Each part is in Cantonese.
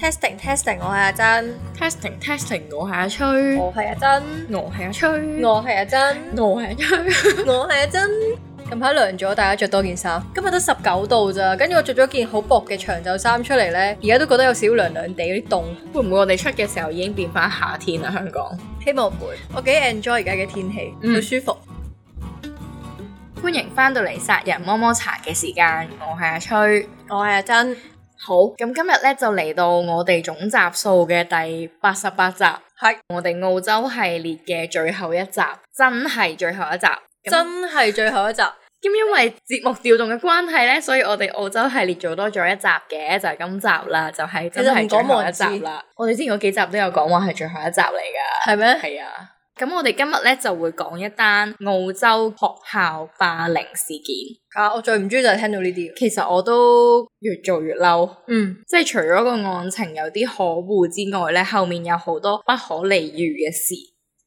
testing testing 我係阿珍，testing testing 我係阿吹，我係阿珍，我係阿吹，我係阿珍，我係阿吹，我係阿珍。近排涼咗，大家着多件衫。今日都十九度咋，跟住我着咗件好薄嘅長袖衫出嚟呢，而家都覺得有少涼涼地，有啲凍。會唔會我哋出嘅時候已經變翻夏天啦？香港，希望唔會。我幾 enjoy 而家嘅天氣，好舒服。歡迎翻到嚟殺人摸摸茶嘅時間，我係阿吹，我係阿珍。好，咁今日咧就嚟到我哋總集數嘅第八十八集，係是我哋澳洲系列嘅最後一集，真係最後一集，真係最後一集。咁因為節目調動嘅關係咧，所以我哋澳洲系列做多咗一集嘅，就係、是、今集啦，就係、是、真係最後一集啦。我哋之前嗰幾集都有講話係最後一集嚟㗎，係咩嗎？係啊。咁我哋今日咧就會講一單澳洲學校霸凌事件啊！我最唔中意就係聽到呢啲，其實我都越做越嬲，嗯，即係除咗個案情有啲可惡之外咧，後面有好多不可理喻嘅事，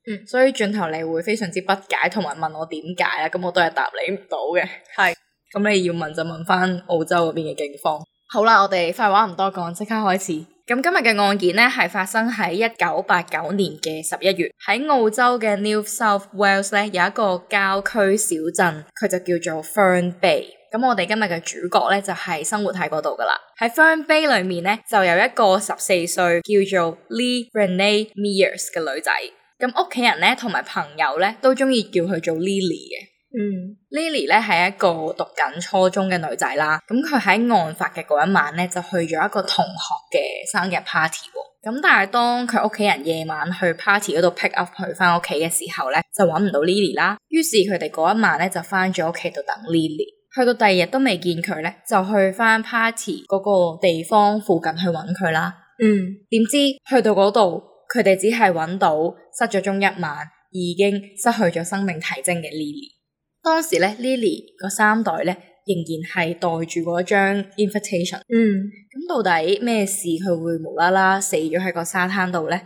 嗯，所以轉頭你會非常之不解，同埋問我點解啊？咁我都係答你唔到嘅，係是，咁你要問就問翻澳洲嗰邊嘅警方。好啦，我哋廢話唔多講，即刻開始。咁今日嘅案件咧，係發生喺一九八九年嘅十一月，喺澳洲嘅 New South Wales 咧有一個郊區小鎮，佢就叫做 Fern Bay。咁我哋今日嘅主角咧就係、是、生活喺嗰度噶啦。喺 Fern Bay 裏面咧，就有一個十四歲叫做 Leigh Renee Myers 嘅女仔。咁屋企人咧同埋朋友咧都中意叫佢做 Lily 嘅。嗯，Leigh Leigh 咧係一個讀緊初中嘅女仔啦。咁佢喺案發嘅嗰一晚咧就去咗一個同學嘅生日 party。嗯，咁但係當佢屋企人夜晚去 party 嗰度 pick up 佢翻屋企嘅時候咧，就搵唔到 Leigh Leigh 啦。於是佢哋嗰一晚咧就翻咗屋企度等 Leigh Leigh。去到第二日都未見佢咧，就去翻 party 嗰個地方附近去搵佢啦。嗯，點知去到嗰度，佢哋只係搵到失咗蹤一晚已經失去咗生命體徵嘅 Leigh Leigh。當時咧，Leigh Leigh 個三代咧仍然係袋住嗰張 invitation。嗯，咁到底咩事佢會無啦啦死咗喺個沙灘度咧？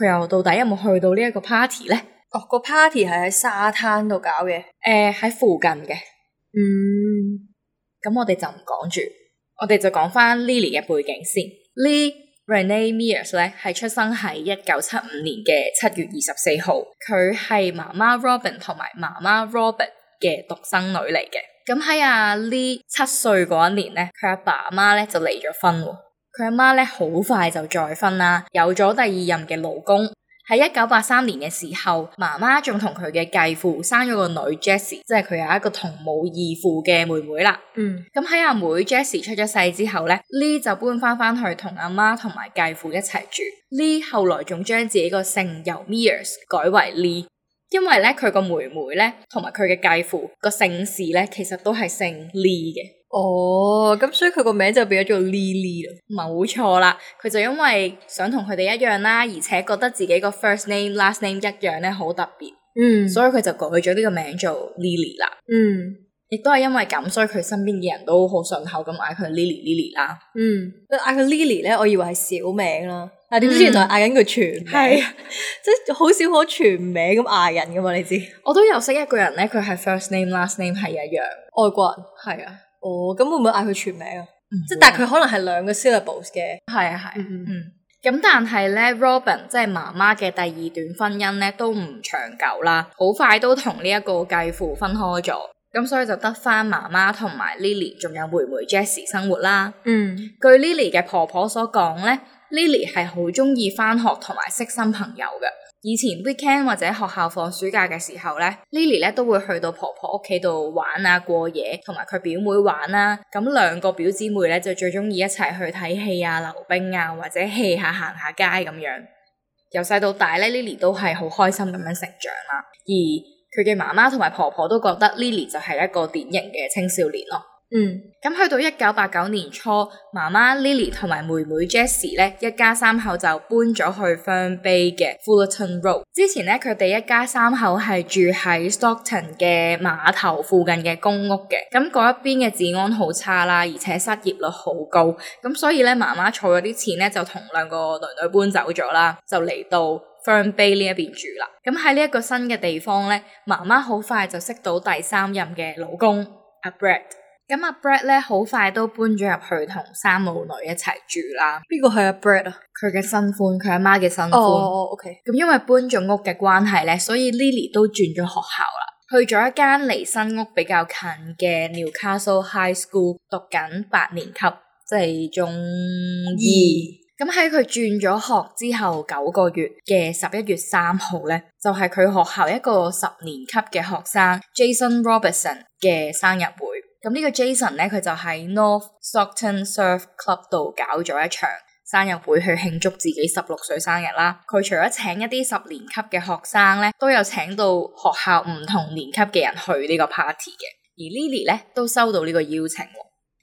佢又到底有冇去到呢一個 party 咧？哦，個 party 係喺沙灘度搞嘅。誒、呃，喺附近嘅。嗯，咁我哋就唔講住，我哋就講翻 Leigh Leigh 嘅背景先。Leigh Renee Mears 咧係出生喺一九七五年嘅七月二十四號。佢係媽媽 Robin 同埋媽媽 Robert。嘅獨生女嚟嘅，咁喺阿 Lee 七歲嗰一年呢，佢阿爸阿媽咧就離咗婚喎，佢阿媽呢，好快就再婚啦，有咗第二任嘅老公。喺一九八三年嘅時候，媽媽仲同佢嘅繼父生咗個女 Jessie，即係佢有一個同母異父嘅妹妹啦。嗯，咁喺阿妹，妹 Jessie 出咗世之後呢，Lee 就搬翻翻去同阿媽同埋繼父一齊住。Lee 後來仲將自己個姓由 Mears 改為 Lee。因為咧佢個妹妹咧，同埋佢嘅繼父個姓氏咧，其實都係姓 Leigh 嘅。哦，咁所以佢個名就變咗做 Leigh 啦。冇錯啦，佢就因為想同佢哋一樣啦，而且覺得自己個 first name last name 一樣咧，好特別。嗯，所以佢就改咗呢個名做 Leigh 啦。嗯，亦都係因為咁，所以佢身邊嘅人都好順口咁嗌佢 Leigh Leigh 啦。嗯，嗌、mm. 佢 Leigh 咧，我以為係小名囉。點、啊、知原來嗌緊佢全名，即係好少可全名咁嗌人噶嘛？你知？我都有識一個人咧，佢係 first name last name 係一樣，外國人係啊。哦，咁會唔會嗌佢全名、嗯、啊？即係、啊啊嗯哼嗯、但係佢可能係兩個 syllables 嘅。係啊係，嗯嗯咁但係咧 Robin 即係媽媽嘅第二段婚姻咧都唔長久啦，好快都同呢一個繼父分開咗。咁所以就得翻媽媽同埋 Lily 仲有妹妹 Jessie 生活啦。嗯。據 Lily 嘅婆婆所講咧。Lily 係好中意返學同埋識新朋友嘅。以前 weekend 或者學校放暑假嘅時候咧，Lily 咧呢都會去到婆婆屋企度玩啊過夜，同埋佢表妹玩啦、啊。咁兩個表姐妹咧就最中意一齊去睇戲啊、溜冰啊，或者戲下行下街咁樣。由細到大咧，Lily 都係好開心咁樣成長啦。而佢嘅媽媽同埋婆婆都覺得 Lily 就係一個典型嘅青少年咯。嗯，咁去到一九八九年初，媽媽 Lily 同埋妹妹 Jessie 咧，一家三口就搬咗去 Fern Bay 嘅 Fullerton Road。之前咧，佢哋一家三口係住喺 Stockton 嘅碼頭附近嘅公屋嘅。咁嗰一邊嘅治安好差啦，而且失業率好高。咁所以咧，媽媽儲咗啲錢咧，就同兩個女女搬走咗啦，就嚟到 Fern Bay 呢一邊住啦。咁喺呢一個新嘅地方咧，媽媽好快就識到第三任嘅老公阿 Brett。咁阿 Brett 咧，好快都搬咗入去同三母女一齊住啦。邊個係阿 Brett 啊？佢嘅新歡，佢阿媽嘅新歡。哦、oh,，OK。咁因為搬咗屋嘅關係咧，所以 Leigh Leigh 都轉咗學校啦，去咗一間離新屋比較近嘅 Newcastle High School 讀緊八年級，即係中二。咁喺佢轉咗學之後九個月嘅十一月三號咧，就係、是、佢學校一個十年級嘅學生 Jason Robinson 嘅生日會。咁呢個 Jason 咧，佢就喺 North Stockton Surf Club 度搞咗一場生日會去慶祝自己十六歲生日啦。佢除咗請一啲十年級嘅學生咧，都有請到學校唔同年級嘅人去呢個 party 嘅。而 Leigh Leigh 咧都收到呢個邀請。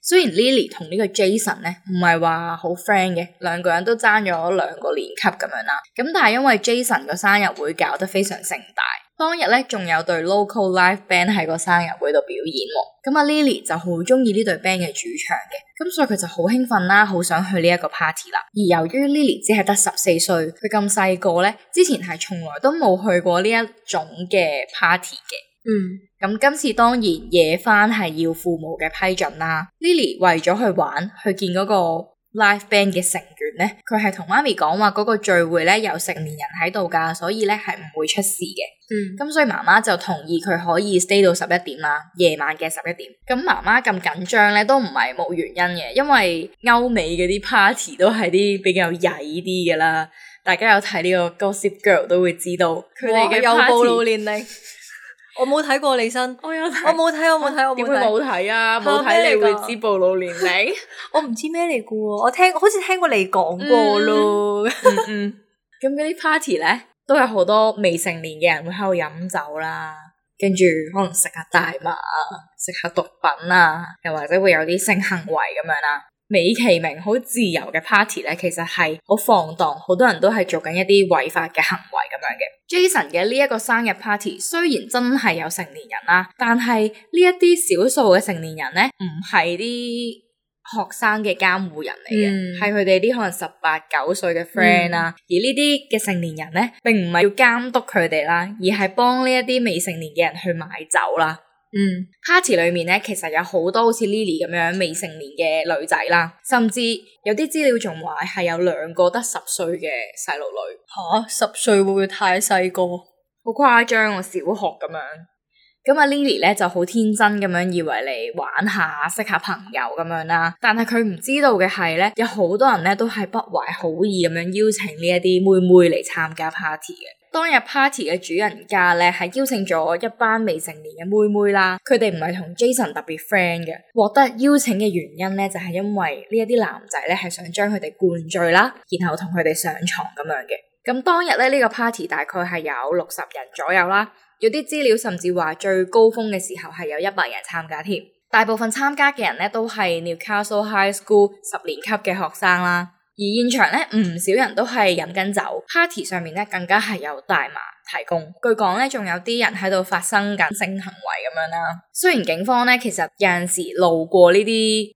雖然 Leigh Leigh 同呢個 Jason 咧唔係話好 friend 嘅，兩個人都爭咗兩個年級咁樣啦。咁但係因為 Jason 嘅生日會搞得非常盛大。當日咧仲有對 local live band 喺個生日會度表演，咁阿 Lily 就好中意呢對 band 嘅主唱嘅，咁所以佢就好興奮啦，好想去呢一個 party 啦。而由於 Lily 只係得十四歲，佢咁細個咧，之前係從來都冇去過呢一種嘅 party 嘅，嗯，咁、嗯、今次當然夜返係要父母嘅批准啦。 Lily 為咗去玩去見嗰、那個。Live band 嘅成員咧，佢係同媽咪講話嗰個聚會咧有成年人喺度噶，所以咧係唔會出事嘅。嗯，咁所以媽媽就同意佢可以 stay 到十一點啦，夜晚嘅十一點。咁媽媽咁緊張咧都唔係冇原因嘅，因為歐美嗰啲 party 都係啲比較曳啲嘅啦，大家有睇呢個 Gossip Girl 都會知道佢哋嘅有暴露年齡 我冇睇過你身，我冇睇，我冇睇，我冇睇。點會冇睇啊？冇睇你會知暴露年齡？ 我唔知咩嚟噶喎，我聽我好似聽過你講過咯。咁嗰啲 party 咧，都有好多未成年嘅人會喺度飲酒啦，跟住可能食下大麻啊，食下毒品啊，又或者會有啲性行為咁樣啦。美其名好自由嘅 party 咧，其實係好放蕩，好多人都係做緊一啲違法嘅行為咁樣嘅。Jason 嘅呢一個生日 party 雖然真係有成年人啦、啊，但係呢一啲少數嘅成年人咧，唔係啲學生嘅監護人嚟嘅，係佢哋啲可能十八九歲嘅 friend、啊嗯、啦。而呢啲嘅成年人咧，並唔係要監督佢哋啦，而係幫呢一啲未成年嘅人去買酒啦。嗯，party 裏面咧，其實有好多好似 Leigh Leigh 咁樣未成年嘅女仔啦，甚至有啲資料仲話係有兩個得十歲嘅細路女。吓、啊，十歲會唔會太細個？好誇張，我小學咁樣。咁啊，Leigh Leigh 咧就好天真咁樣以為嚟玩下，識下朋友咁樣啦。但係佢唔知道嘅係咧，有好多人咧都係不懷好意咁樣邀請呢一啲妹妹嚟參加 party 嘅。當日 party 嘅主人家咧，係邀請咗一班未成年嘅妹妹啦。佢哋唔係同 Jason 特別 friend 嘅。獲得邀請嘅原因咧，就係、是、因為呢一啲男仔咧，係想將佢哋灌醉啦，然後同佢哋上床咁樣嘅。咁當日咧，呢、這個 party 大概係有六十人左右啦。有啲資料甚至話最高峰嘅時候係有一百人參加添。大部分參加嘅人咧，都係 Newcastle High School 十年級嘅學生啦。而現場咧，唔少人都係飲緊酒，party 上面咧，更加係有大麻提供。據講咧，仲有啲人喺度發生緊性行為咁樣啦。雖然警方咧，其實有陣時路過呢啲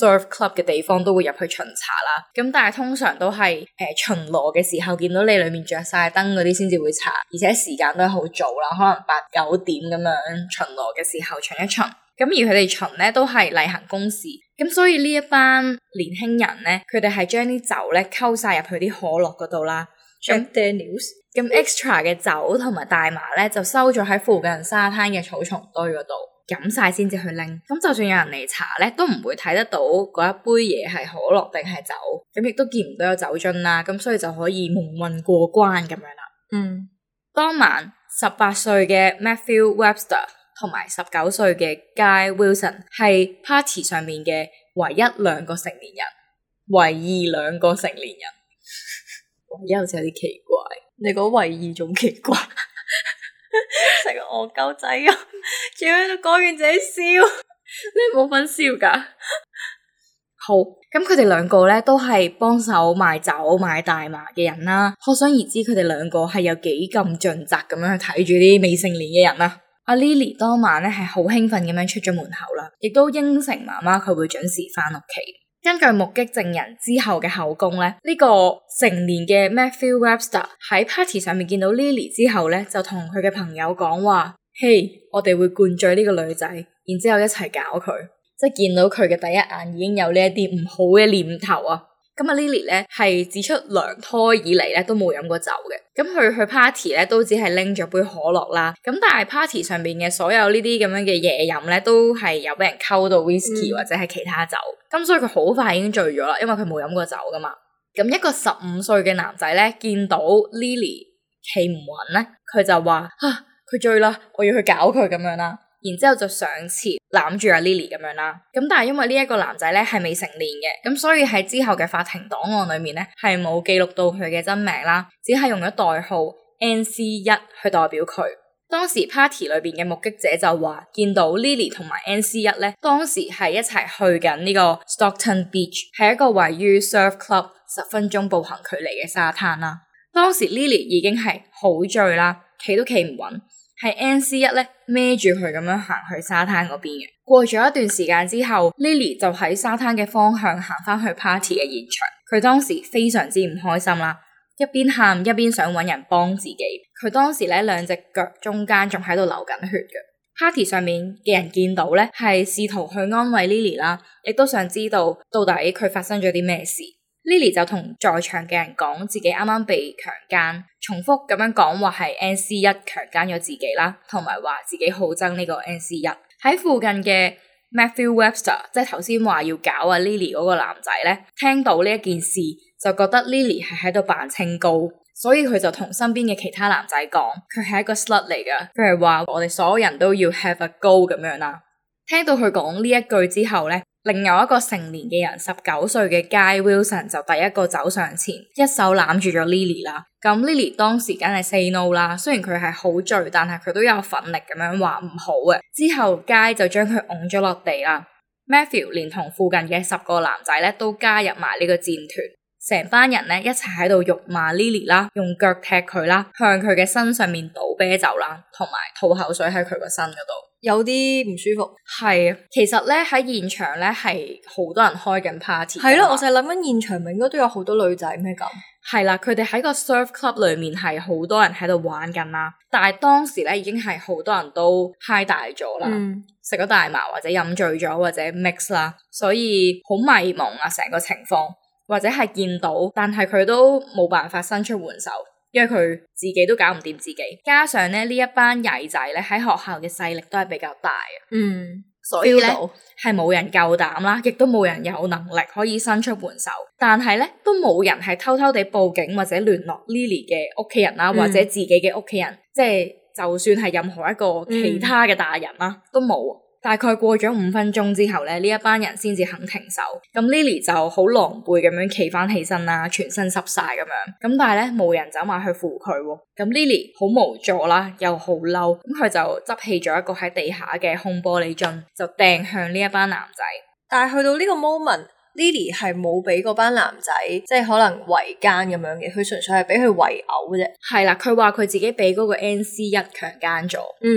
誒 surf club 嘅地方都會入去巡查啦，咁但係通常都係誒、呃、巡邏嘅時候見到你裏面着晒燈嗰啲先至會查，而且時間都係好早啦，可能八九點咁樣巡邏嘅時候巡一巡。咁而佢哋巡咧，都係例行公事。咁所以呢一班年輕人咧，佢哋係將啲酒咧溝晒入去啲可樂嗰度啦。咁 Daniel，咁 extra 嘅酒同埋大麻咧就收咗喺附近沙灘嘅草叢堆嗰度，飲晒先至去拎。咁就算有人嚟查咧，都唔會睇得到嗰一杯嘢係可樂定係酒。咁亦都見唔到有酒樽啦。咁所以就可以蒙混過關咁樣啦。嗯，當晚十八歲嘅 Matthew Webster 同埋十九歲嘅 Guy Wilson 係 party 上面嘅唯一兩個成年人，唯二兩個成年人，我 依家好似有啲奇怪，你講唯二仲奇怪，成 個憨鳩仔咁，仲要講完自己笑， 你冇份笑噶。 好，咁佢哋兩個咧都係幫手賣酒賣大麻嘅人啦，可想而知佢哋兩個係有幾咁盡責咁樣去睇住啲未成年嘅人啦。阿 Leigh Leigh 當晚咧係好興奮咁樣出咗門口啦，亦都應承媽媽佢會準時翻屋企。根據目擊證人之後嘅口供咧，呢個成年嘅 Matthew Webster 喺 party 上面見到 Leigh Leigh 之後咧，就同佢嘅朋友講話：「嘿、hey，我哋會灌醉呢個女仔，然之後一齊搞佢。即係見到佢嘅第一眼已經有呢一啲唔好嘅念頭啊！咁啊，Leigh Leigh 咧係自出娘胎以嚟咧都冇飲過酒嘅，咁佢去 party 咧都只係拎咗杯可樂啦，咁但係 party 上邊嘅所有這這呢啲咁樣嘅嘢飲咧都係有俾人溝到 whisky 或者係其他酒，咁、嗯、所以佢好快已經醉咗啦，因為佢冇飲過酒噶嘛。咁一個十五歲嘅男仔咧見到 Leigh Leigh 企唔穩咧，佢就話啊，佢醉啦，我要去搞佢咁樣啦。然之後就上前攬住阿 Leigh Leigh 咁樣啦，咁但係因為呢一個男仔咧係未成年嘅，咁所以喺之後嘅法庭檔案裏面咧係冇記錄到佢嘅真名啦，只係用咗代號 NC1 去代表佢。當時 party 裏邊嘅目擊者就話見到 Leigh Leigh 同埋 NC1 咧，當時係一齊去緊呢個 Stockton Beach，係一個位於 Surf Club 十分鐘步行距離嘅沙灘啦。當時 Leigh Leigh 已經係好醉啦，企都企唔穩。係 NC1 咧，孭住佢咁樣行去沙灘嗰邊嘅。過咗一段時間之後，Leigh Leigh 就喺沙灘嘅方向行翻去 party 嘅現場。佢當時非常之唔開心啦，一邊喊一邊想揾人幫自己。佢當時咧兩隻腳中間仲喺度流緊血嘅。party 上面嘅人見到咧，係試圖去安慰 Leigh Leigh 啦，亦都想知道到底佢發生咗啲咩事。Leigh Leigh 就同在場嘅人講自己啱啱被強姦，重複咁樣講話係 NC1 強姦咗自己啦，同埋話自己好憎呢個 NC1。喺附近嘅 Matthew Webster，即係頭先話要搞啊 Leigh Leigh 嗰個男仔咧，聽到呢一件事就覺得 Leigh Leigh 係喺度扮清高，所以佢就同身邊嘅其他男仔講佢係一個 slut 嚟㗎，佢係話我哋所有人都要 have a go 咁樣啦。聽到佢講呢一句之後咧，另外一個成年嘅人，十九歲嘅 Guy Wilson 就第一個走上前，一手攬住咗 Lily 啦。咁 Lily 當時梗係 say no 啦，雖然佢係好醉，但係佢都有奮力咁樣話唔好嘅。之後 Guy 就將佢拱咗落地啦。Matthew 連同附近嘅十個男仔咧，都加入埋呢個戰團。成班人咧一齊喺度辱罵 Leigh Leigh 啦，用腳踢佢啦，向佢嘅身上面倒啤酒啦，同埋吐口水喺佢個身嗰度，有啲唔舒服。係啊，其實咧喺現場咧係好多人開緊 party。係咯，我就諗緊現場咪應該都有好多女仔咩？咁。係啦，佢哋喺個 surf club 裏面係好多人喺度玩緊啦，但係當時咧已經係好多人都 high 大咗啦，食咗，嗯、大麻或者飲醉咗或者 mix 啦，所以好迷茫啊，成個情況。或者係見到，但係佢都冇辦法伸出援手，因為佢自己都搞唔掂自己。加上咧呢一班曳仔咧喺學校嘅勢力都係比較大嘅，嗯，所以咧係冇人夠膽啦，亦都冇人有能力可以伸出援手。但係咧都冇人係偷偷地報警或者聯絡 Leigh Leigh 嘅屋企人啦，或者自己嘅屋企人，即係、嗯、就，就算係任何一個其他嘅大人啦，嗯、都冇。大概過咗五分鐘之後咧，呢一班人先至肯停手。咁 Leigh Leigh 就好狼狽咁樣企翻起身啦，全身濕晒咁樣。咁但係咧，冇人走埋去扶佢。咁 Leigh Leigh 好無助啦，又好嬲。咁佢就執起咗一個喺地下嘅空玻璃樽，就掟向呢一班男仔。但係去到呢個 moment。Leigh Leigh 係冇俾嗰班男仔即係可能圍姦咁樣嘅，佢純粹係俾佢圍毆啫。係啦，佢話佢自己俾嗰個 NC1 強奸咗。嗯，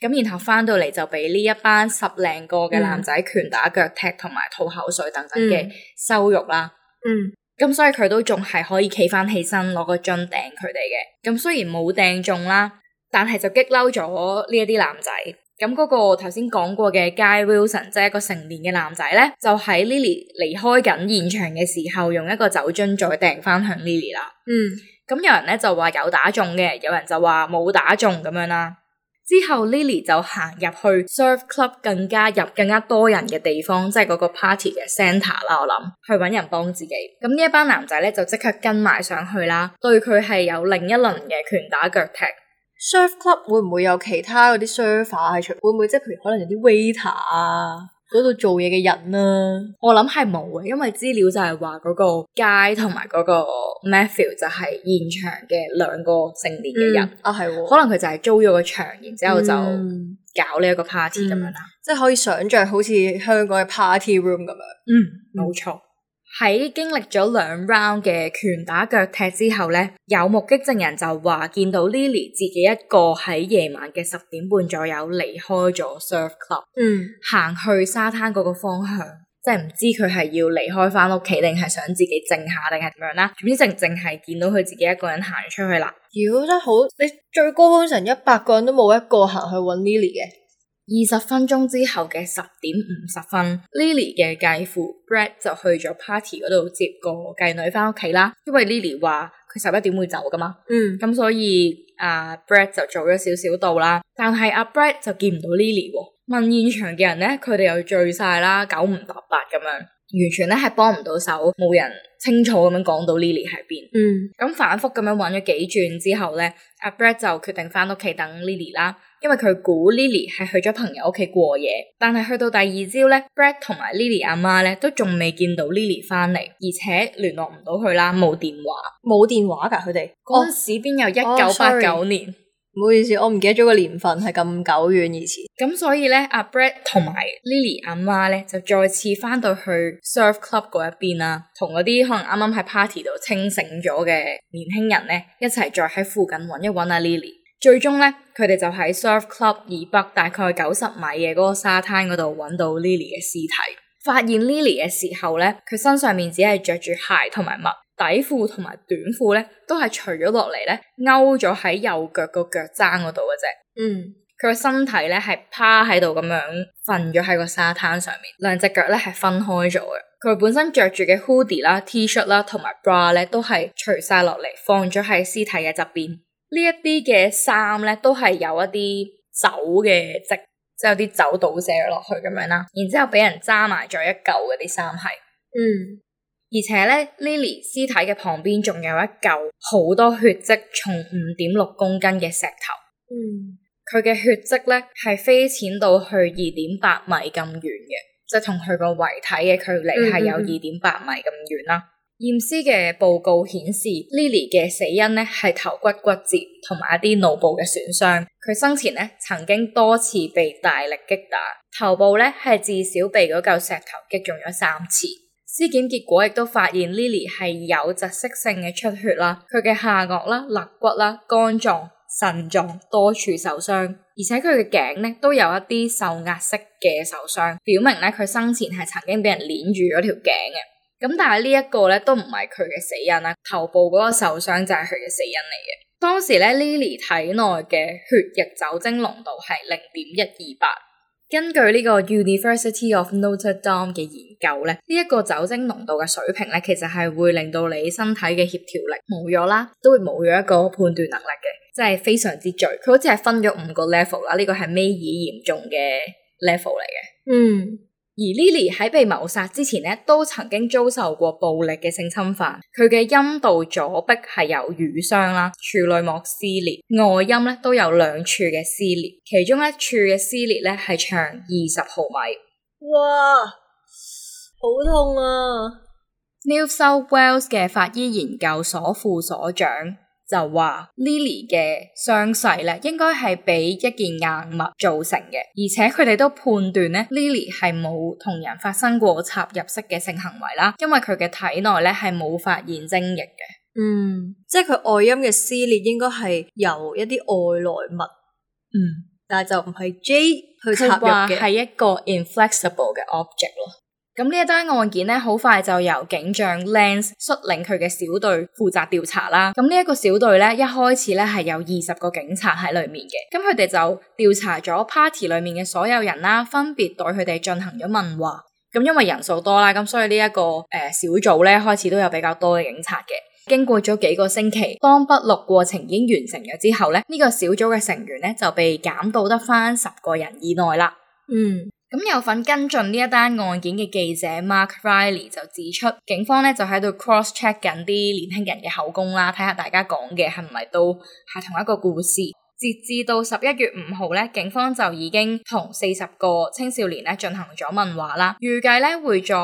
咁然後翻到嚟就俾呢一班十零個嘅男仔拳打腳踢同埋吐口水等等嘅羞辱啦。嗯，咁、嗯、所以佢都仲係可以企翻起身攞個樽掟佢哋嘅。咁雖然冇掟中啦，但係就激嬲咗呢一啲男仔。咁嗰個頭先講過嘅 Guy Wilson，即係一個成年嘅男仔咧，就喺 Lily 離開緊現場嘅時候，用一個酒樽再掟翻向 Lily 啦。嗯，咁有人咧就話有打中嘅，有人就話冇打中咁樣啦。之後 Lily 就行入去 Surf Club 更加入更加多人嘅地方，即係嗰個 party 嘅 center 啦。我諗去搵人幫自己，咁呢一班男仔咧就即刻跟埋上去啦，對佢係有另一輪嘅拳打腳踢。Surf Club 會唔會有其他嗰啲 server 喺、啊、出，會唔會即係譬如可能有啲 waiter 啊嗰度做嘢嘅人啦、啊？我諗係冇嘅，因為資料就係話嗰個 Guy 同埋嗰個 Matthew 就係現場嘅兩個成年嘅人、嗯、啊，係可能佢就係租咗個場，然之後就搞呢一個 party 咁、嗯、樣啦，嗯、即係可以想象好似香港嘅 party room 咁樣嗯。嗯，冇錯。喺經歷咗兩 round 嘅拳打腳踢之後呢，有目擊證人就話見到 Leigh Leigh 自己一個喺夜晚嘅十點半左右離開咗 Surf Club，嗯，行去沙灘嗰個方向，即係唔知佢係要離開翻屋企，定係想自己靜下，定係點樣啦？總之淨淨係見到佢自己一個人行出去啦。妖，真好，你最高峰成一百個人都冇一個行去搵 Leigh Leigh 嘅。二十分鐘之後嘅十點五十分，Leigh Leigh 嘅繼父 Brett 就去咗 party 嗰度接個繼女翻屋企啦。因為 Leigh Leigh 話佢十一點會走噶嘛，嗯，咁所以啊 Brett 就早咗少少到啦。但係阿 Brett 就見唔到 Leigh Leigh，哦、問現場嘅人咧，佢哋又醉晒啦，九唔搭八咁樣，完全咧係幫唔到手，冇人清楚咁樣講到 Leigh Leigh 喺邊，嗯，咁反覆咁樣揾咗幾轉之後咧，阿 Brett 就決定翻屋企等 Leigh Leigh 啦。因為佢估 Lily 係去咗朋友屋企過夜，但係去到第二朝咧 Brett 同埋 Lily 阿媽咧都仲未見到 Lily 翻嚟，而且聯絡唔到佢啦，冇電話，冇電話噶佢哋嗰陣時邊有一九八九年，Oh, sorry. 唔好意思，我唔記得咗個年份係咁久遠以前，咁所以咧，阿 Brett 同埋 Lily 阿媽咧就再次翻到去 Surf Club 嗰一邊啦，同嗰啲可能啱啱喺 party 度清醒咗嘅年輕人咧一齊再喺附近搵一搵阿 Lily。最終呢，佢哋就喺 Surf Club 以北大概九十米嘅嗰個沙灘嗰度揾到 Leigh Leigh 嘅屍體。發現 Leigh Leigh 嘅時候呢，佢身上面只係着住鞋同埋襪，底褲同埋短褲呢都係除咗落嚟呢，勾咗喺右腳個腳踭嗰度嘅啫。佢、嗯、嘅身體呢係趴喺度咁樣瞓咗喺個沙灘上面，兩隻腳呢係分開咗嘅。佢本身着住嘅 hoodie 啦、T 恤啦同埋 bra 呢都係除晒落嚟，放咗喺屍體嘅側邊。呢一啲嘅衫咧，都係有一啲酒嘅跡，即係有啲酒倒瀉落去咁樣啦。然之後俾人揸埋咗一嚿嗰啲衫係，嗯。而且咧，Leigh Leigh 屍體嘅旁邊仲有一嚿好多血跡，重五點六公斤嘅石頭，嗯。佢嘅血跡咧係飛濺到去二點八米咁遠嘅，即係同佢個遺體嘅距離係有二點八米咁遠啦。嗯嗯驗屍嘅報告顯示，Leigh Leigh 嘅死因咧係頭骨骨折同埋一啲腦部嘅損傷。佢生前咧曾經多次被大力擊打，頭部咧係至少被嗰嚿石頭擊中咗三次。屍檢結果亦都發現 Leigh Leigh 係有窒息性嘅出血啦，佢嘅下顎啦、肋骨啦、肝臟、腎臟多處受傷，而且佢嘅頸咧都有一啲受壓式嘅受傷，表明咧佢生前係曾經俾人捏住咗條頸嘅。咁但係呢一個咧都唔係佢嘅死因啦，頭部嗰個受傷就係佢嘅死因嚟嘅。當時咧 Lily 體內嘅血液酒精濃度係零點一二八，根據呢個 University of Notre Dame 嘅研究咧，呢一個酒精濃度嘅水平咧，其實係會令到你身體嘅協調力冇咗啦，都會冇咗一個判斷能力嘅，即係非常之醉。佢好似係分咗五個 level 啦，呢個係咩已嚴重嘅 level 嚟嘅？嗯。而 Leigh Leigh 喺被謀殺之前咧，都曾經遭受過暴力嘅性侵犯。佢嘅陰道左壁係有瘀傷啦，處女膜撕裂，外陰咧都有兩處嘅撕裂，其中一處嘅撕裂咧係長二十毫米。哇，好痛啊！New South Wales 嘅法醫研究所副所長。就話 Lily 嘅傷勢咧，應該係俾一件硬物造成嘅，而且佢哋都判斷咧 Lily 係冇同人發生過插入式嘅性行為啦，因為佢嘅體內咧係冇發現精液嘅。嗯，即係佢外陰嘅撕裂應該係由一啲外來物。嗯，但係就唔係 J 去插入嘅。佢話係一個 inflexible 嘅 object 咯。咁呢一單案件咧，好快就由警長 Lance 率領佢嘅小隊負責調查啦。咁呢一個小隊咧，一開始咧係有二十個警察喺裏面嘅。咁佢哋就調查咗 party 裏面嘅所有人啦，分別對佢哋進行咗問話。咁因為人數多啦，咁所以呢、這、一個誒、呃、小組咧開始都有比較多嘅警察嘅。經過咗幾個星期，當筆錄過程已經完成咗之後咧，呢、這個小組嘅成員咧就被減到得翻十個人以內啦。嗯。咁有份跟進呢一單案件嘅記者 Mark Riley 就指出，警方咧就喺度 cross check 緊啲年輕人嘅口供啦，睇下大家講嘅係唔係都係同一個故事。截至到十一月五號咧，警方就已經同四十個青少年咧進行咗問話啦，預計咧會再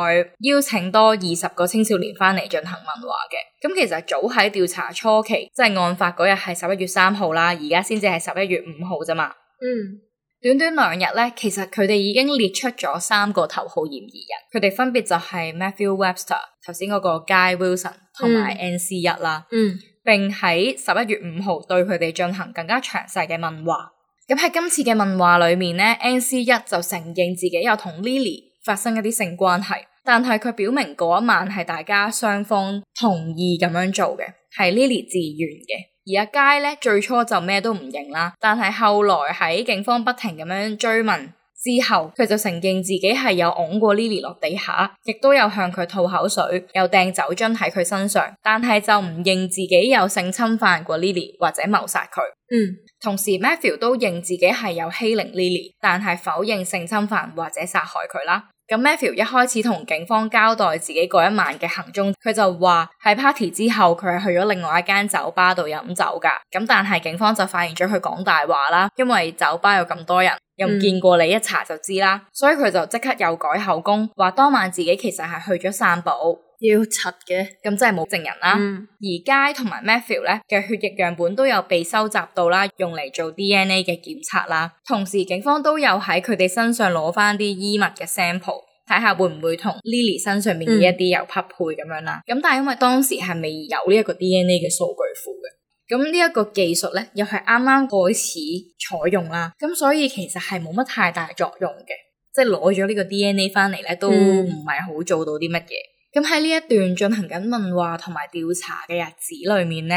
邀請多二十個青少年翻嚟進行問話嘅。咁其實早喺調查初期，即係案發嗰日係十一月三號啦，而家先至係十一月五號啫嘛。嗯。短短兩日咧，其實佢哋已經列出咗三個頭號嫌疑人，佢哋分別就係 Matthew Webster、頭先嗰個 Guy Wilson 同埋 NC1 啦。嗯，並喺十一月五號對佢哋進行更加詳細嘅問話。咁喺今次嘅問話裏面咧，NC1 就承認自己有同 Leigh Leigh 發生一啲性關係，但係佢表明嗰一晚係大家雙方同意咁樣做嘅，係 Leigh Leigh 自願嘅。而阿佳咧，最初就咩都唔認啦，但係後來喺警方不停咁樣追問之後，佢就承認自己係有拱過 Lily 落地下，亦都有向佢吐口水，又掟酒樽喺佢身上，但係就唔認自己有性侵犯過 Lily 或者謀殺佢。嗯，同時 Matthew 都認自己係有欺凌 Lily，但係否認性侵犯或者殺害佢啦。咁 Matthew 一開始同警方交代自己嗰一晚嘅行蹤，佢就話喺 party 之後佢係去咗另外一間酒吧度飲酒㗎。咁但係警方就發現咗佢講大話啦，因為酒吧有咁多人，又唔見過你，一查就知啦。嗯、所以佢就即刻又改口供，話當晚自己其實係去咗散步。要查嘅，咁真係冇證人啦。嗯、而 Guy 同埋 Matthew 咧嘅血液樣本都有被收集到啦，用嚟做 DNA 嘅檢測啦。同時警方都有喺佢哋身上攞翻啲衣物嘅 sample，睇下會唔會同 Leigh Leigh 身上面嘅一啲有匹配咁樣啦。咁、嗯、但係因為當時係未有呢一個 DNA 嘅數據庫嘅，咁呢一個技術咧又係啱啱開始採用啦，咁所以其實係冇乜太大作用嘅，即係攞咗呢個 DNA 翻嚟咧都唔係好做到啲乜嘢。嗯咁喺呢一段進行緊問話同埋調查嘅日子裏面呢，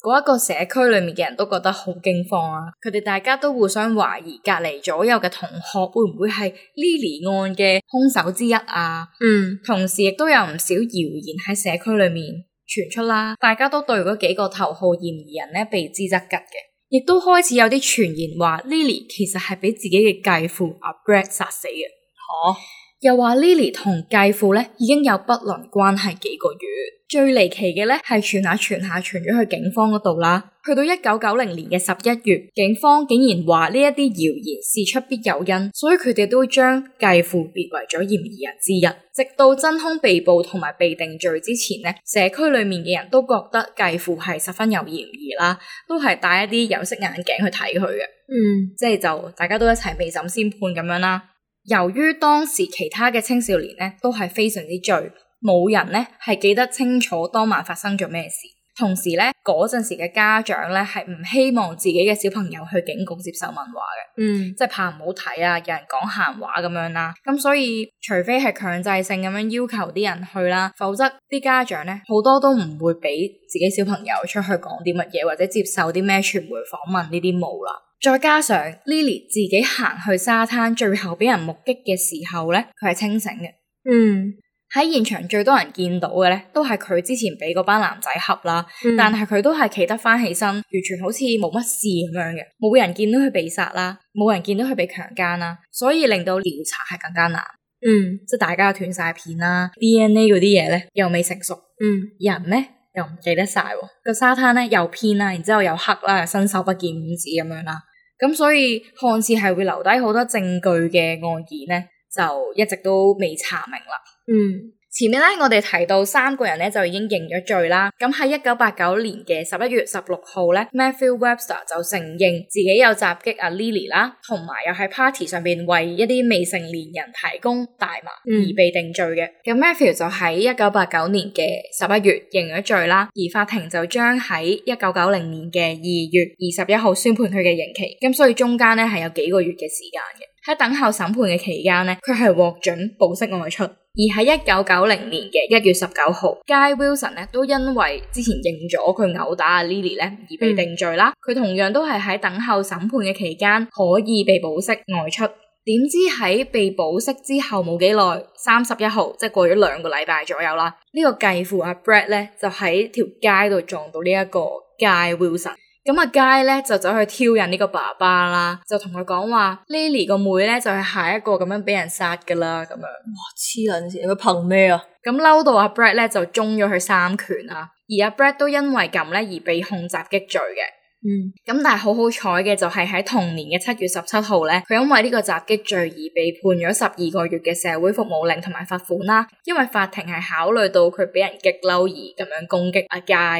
嗰一個社區裏面嘅人都覺得好驚慌啊！佢哋大家都互相懷疑隔籬左右嘅同學會唔會係 Leigh Leigh 案嘅兇手之一啊？嗯，同時亦都有唔少謠言喺社區裏面傳出啦，啊，大家都對嗰幾個頭號嫌疑人呢避之則吉嘅，亦都開始有啲傳言話 Leigh Leigh 其實係俾自己嘅繼父阿 Brad 殺死嘅。吓，啊！又話 Leigh Leigh 同繼父咧已經有不倫關係幾個月，最離奇嘅咧係傳下傳下傳咗去警方嗰度啦。去到一九九零年嘅十一月，警方竟然話呢一啲謠言事出必有因，所以佢哋都將繼父列為咗嫌疑人之一。直到真凶被捕同埋被定罪之前咧，社區裏面嘅人都覺得繼父係十分有嫌疑啦，都係戴一啲有色眼鏡去睇佢嘅。嗯，即係就大家都一齊未審先判咁樣啦。由於當時其他嘅青少年咧都係非常之醉，冇人咧係記得清楚當晚發生咗咩事。同時咧，嗰陣時嘅家長咧係唔希望自己嘅小朋友去警局接受問話嘅，嗯，即係怕唔好睇啊，有人講閒話咁樣啦、啊。咁所以，除非係強制性咁樣要求啲人去啦、啊，否則啲家長咧好多都唔會俾自己小朋友出去講啲乜嘢，或者接受啲咩傳媒訪問呢啲冇啦。再加上 Leigh Leigh 自己行去沙灘，最後俾人目擊嘅時候咧，佢係清醒嘅。嗯，喺現場最多人見到嘅咧，都係佢之前俾嗰班男仔恰啦。嗯，但係佢都係企得翻起身，完全好似冇乜事咁樣嘅。冇人見到佢被殺啦，冇人見到佢被強姦啦，所以令到調查係更加難。嗯，即係大家斷晒片啦，啊，DNA 嗰啲嘢咧又未成熟。嗯，人呢？又唔記得曬喎，個沙灘咧又偏啦，然之後又黑啦，伸手不見五指咁樣啦，咁所以看似係會留低好多證據嘅案件咧，就一直都未查明啦。嗯。.前面咧，我哋提到三個人咧就已經認咗罪啦。咁喺一九八九年嘅十一月十六號咧，Matthew Webster 就承認自己有襲擊 Leigh Leigh 啦，同埋又喺 party 上邊為一啲未成年人提供大麻而被定罪嘅。咁、嗯、Matthew 就喺一九八九年嘅十一月認咗罪啦，而法庭就將喺一九九零年嘅二月二十一號宣判佢嘅刑期。咁所以中間咧係有幾個月嘅時間嘅。喺等候審判嘅期間呢佢係獲准保釋外出。而喺一九九零年嘅一月十九號 Guy Wilson 呢都因為之前認咗佢毆打阿 Lily 咧而被定罪啦。佢、嗯、同樣都係喺等候審判嘅期間可以被保釋外出。點知喺被保釋之後冇幾耐，三十一號即係過咗兩個禮拜左右啦。呢、這個繼父阿、啊、Brad 咧就喺條街度撞到呢一個 Guy Wilson。咁阿佳咧就走去挑釁呢個爸爸啦，就同佢講話：Leigh Leigh 個妹咧就係下一個咁樣俾人殺噶啦咁樣。哇！黐卵線，佢憑咩啊？咁嬲到阿 Brad 咧就中咗佢三拳啦，而阿 Brad 都因為咁咧而被控襲擊罪嘅。嗯。咁但係好好彩嘅就係喺同年嘅七月十七號咧，佢因為呢個襲擊罪而被判咗十二個月嘅社會服務令同埋罰款啦、啊。因為法庭係考慮到佢俾人激嬲而咁樣攻擊阿佳，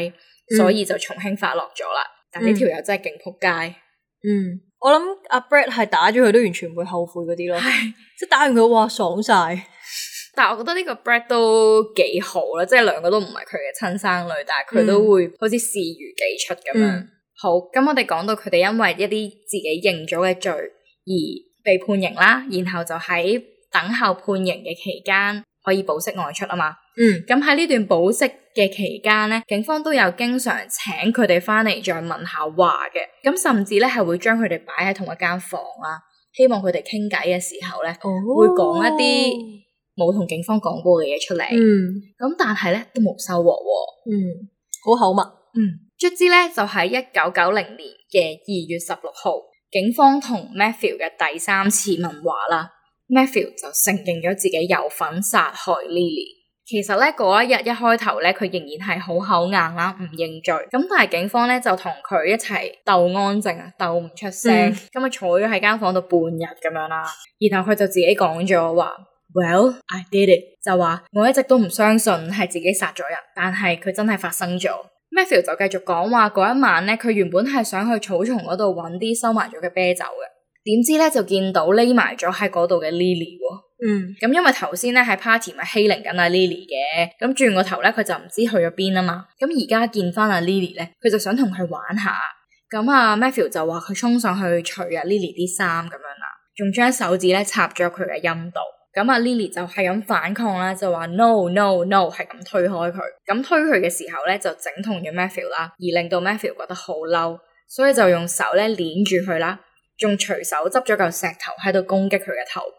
所以就從輕發落咗啦。呢條友真係勁扑街，嗯，嗯，我諗阿 Brett 係打咗佢都完全唔會後悔嗰啲咯，即係唉打完佢哇爽晒。但係我覺得呢個 Brett 都幾好啦，即係兩個都唔係佢嘅親生女，但係佢都會好似視如己出咁樣。嗯、好，咁我哋講到佢哋因為一啲自己認咗嘅罪而被判刑啦，然後就喺等候判刑嘅期間。可以保釋外出啊嘛，嗯，咁喺呢段保釋嘅期間咧，警方都有經常請佢哋翻嚟再問下話嘅，咁甚至咧係會將佢哋擺喺同一間房啦，希望佢哋傾偈嘅時候咧，哦、會講一啲冇同警方講過嘅嘢出嚟，嗯，咁但係咧都冇收穫，哦，嗯，好口密，嗯，卒之咧就喺一九九零年嘅二月十六號，警方同 Matthew 嘅第三次問話啦。Matthew 就承認咗自己有份殺害 Leigh Leigh。其實呢，嗰一日一開頭呢，佢仍然係好口硬啦，唔認罪。咁但係警方呢，就同佢一齊鬥安靜啊，鬥唔出聲，咁啊、嗯、坐咗喺間房度半日咁樣啦。然後佢就自己講咗話，Well, I did it，就話我一直都唔相信係自己殺咗人，但係佢真係發生咗。Matthew 就繼續講話嗰一晚呢，佢原本係想去草叢嗰度揾啲收埋咗嘅啤酒嘅。點知咧就見到匿埋咗喺嗰度嘅 Leigh Leigh 喎，嗯，咁因為頭先咧喺 party 咪欺凌緊阿 Leigh Leigh 嘅，咁轉個頭咧佢就唔知去咗邊啊嘛，咁而家見翻阿 Leigh Leigh 咧，佢就想同佢玩下，咁、嗯、阿、啊、Matthew 就話佢衝上去除阿 Leigh Leigh 啲衫咁樣啦，仲將手指咧插咗佢嘅陰道。咁、嗯、阿、啊、Leigh Leigh 就係咁反抗啦，就話 no no no，係咁推開佢，咁、嗯、推佢嘅時候咧就整痛咗 Matthew 啦，而令到 Matthew 覺得好嬲，所以就用手咧綁住佢啦。仲隨手執咗嚿石頭喺度攻擊佢嘅頭部，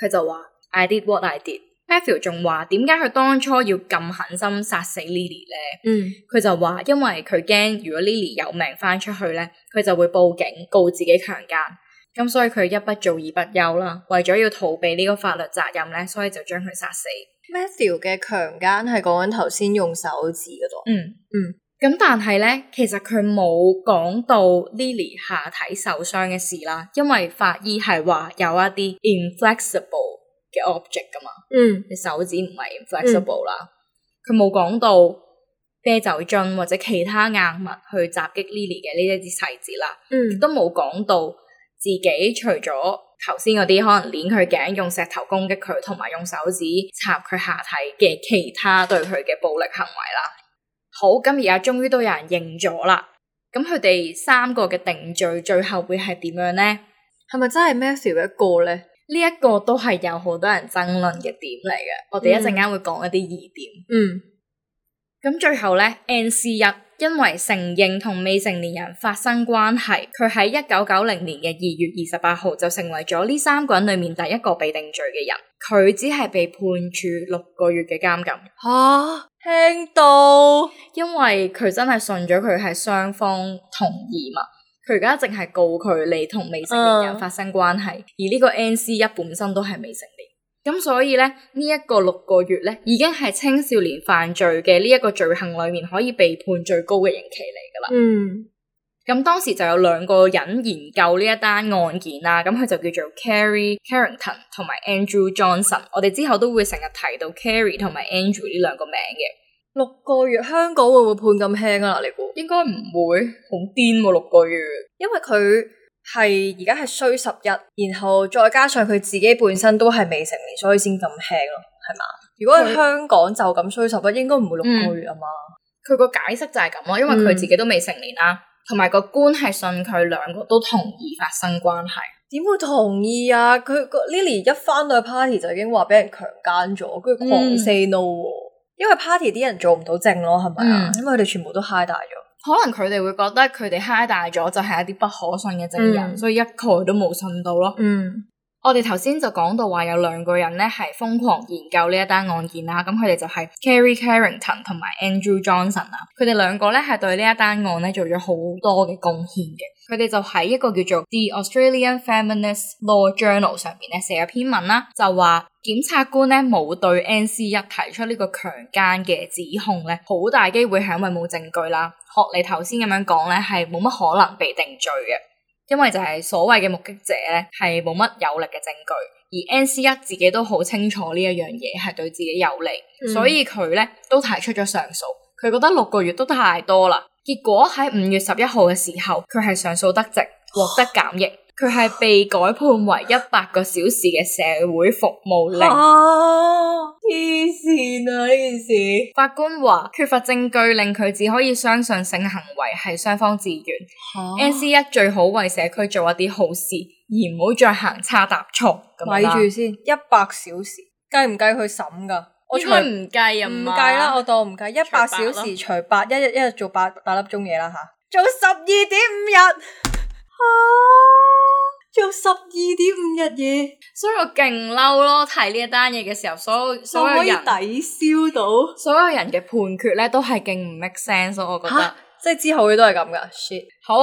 佢就話 I did what I did. Matthew。Matthew 仲話點解佢當初要咁狠心殺死 Lily 咧？嗯，佢就話因為佢驚如果 Lily 有命翻出去咧，佢就會報警告自己強姦，咁所以佢一不做二不休啦，為咗要逃避呢個法律責任咧，所以就將佢殺死。Matthew 嘅強姦係講緊頭先用手指嗰度，嗯。嗯嗯。咁但係咧，其實佢冇講到 Leigh Leigh 下體受傷嘅事啦，因為法醫係話有一啲 inflexible 嘅 object 噶嘛，嗯，你手指唔係 inflexible 啦，佢冇講到啤酒樽或者其他硬物去襲擊 Leigh Leigh 嘅呢一啲細節啦，嗯，亦都冇講到自己除咗頭先嗰啲可能碾佢頸、用石頭攻擊佢、同埋用手指插佢下體嘅其他對佢嘅暴力行為啦。好，咁而家終於都有人認咗啦。咁佢哋三個嘅定罪最後會係點樣呢？係咪真係 Matthew 一個呢？呢一個都係有好多人爭論嘅點嚟嘅。我哋一陣間會講一啲疑點。嗯。咁、嗯、最後呢 NC1 因為承認同未成年人發生關係，佢喺一九九零年嘅二月二十八號就成為咗呢三個人裏面第一個被定罪嘅人。佢只係被判處六個月嘅監禁。吓、啊？聽到，因為佢真係信咗佢係雙方同意嘛，佢而家淨係告佢你同未成年人發生關係，啊、而呢個 N C 一本身都係未成年，咁所以咧呢一、這個六個月咧已經係青少年犯罪嘅呢一個罪行裏面可以被判最高嘅刑期嚟噶啦。嗯。咁當時就有兩個人研究呢一單案件啦，咁佢就叫做 Kerry Carrington 同埋 Andrew Johnson，我哋之後都會成日提到 Kerry 同埋 Andrew 呢兩個名嘅、啊。六個月香港會唔會判咁輕啊？你估應該唔會，好癲喎六個月，因為佢係而家係衰十一，然後再加上佢自己本身都係未成年，所以先咁輕咯、啊，係嘛？如果係香港就咁衰十一，應該唔會六個月啊嘛。佢個、嗯、解釋就係咁咯，因為佢自己都未成年啦、啊。同埋個官係信佢，兩個都同意發生關係。點會同意啊？佢個 Leigh Leigh 一翻到去 party 就已經話俾人強奸咗，跟住狂 say no。嗯、因為 party 啲人做唔到證咯，係咪啊？嗯、因為佢哋全部都 high 大咗，可能佢哋會覺得佢哋 high 大咗就係一啲不可信嘅證人，嗯、所以一概都冇信到咯。嗯我哋頭先就講到話有兩個人咧係瘋狂研究呢一單案件啦、啊，咁佢哋就係 k e r r y Carrington 同埋 Andrew Johnson 啊，佢哋兩個咧係對呢一單案咧做咗好多嘅貢獻嘅，佢哋就喺一個叫做 The Australian Feminist Law Journal 上邊咧寫一篇文啦，就話檢察官咧冇對 NC 一提出呢個強姦嘅指控咧，好大機會係因為冇證據啦，學你頭先咁樣講咧係冇乜可能被定罪嘅。因為就係所謂嘅目擊者咧，係冇乜有力嘅證據，而 N C 一自己都好清楚呢一樣嘢係對自己有利，嗯、所以佢咧都提出咗上訴，佢覺得六個月都太多啦。結果喺五月十一號嘅時候，佢係上訴得直，獲得減刑，佢係 被改判為一百個小時嘅社會服務令。啊黐線啊！呢件事，法官話缺乏證據，令佢只可以相信性行為係雙方自願。啊、NC1 最好為社區做一啲好事，而唔好再行差踏錯。咪住先，一百小時計唔計佢審㗎？我真係唔計啊！唔計啦，我當唔計。一百小時除八，一日一日做八八粒鐘嘢啦吓，做十二點五日。啊！有十二點五日嘢，所以、so, 我勁嬲咯！睇呢一單嘢嘅時候，所有可以所有人抵消到所有人嘅判決咧，都係勁唔 make sense。啊、我覺得，即係之後佢都係咁噶。shit，好，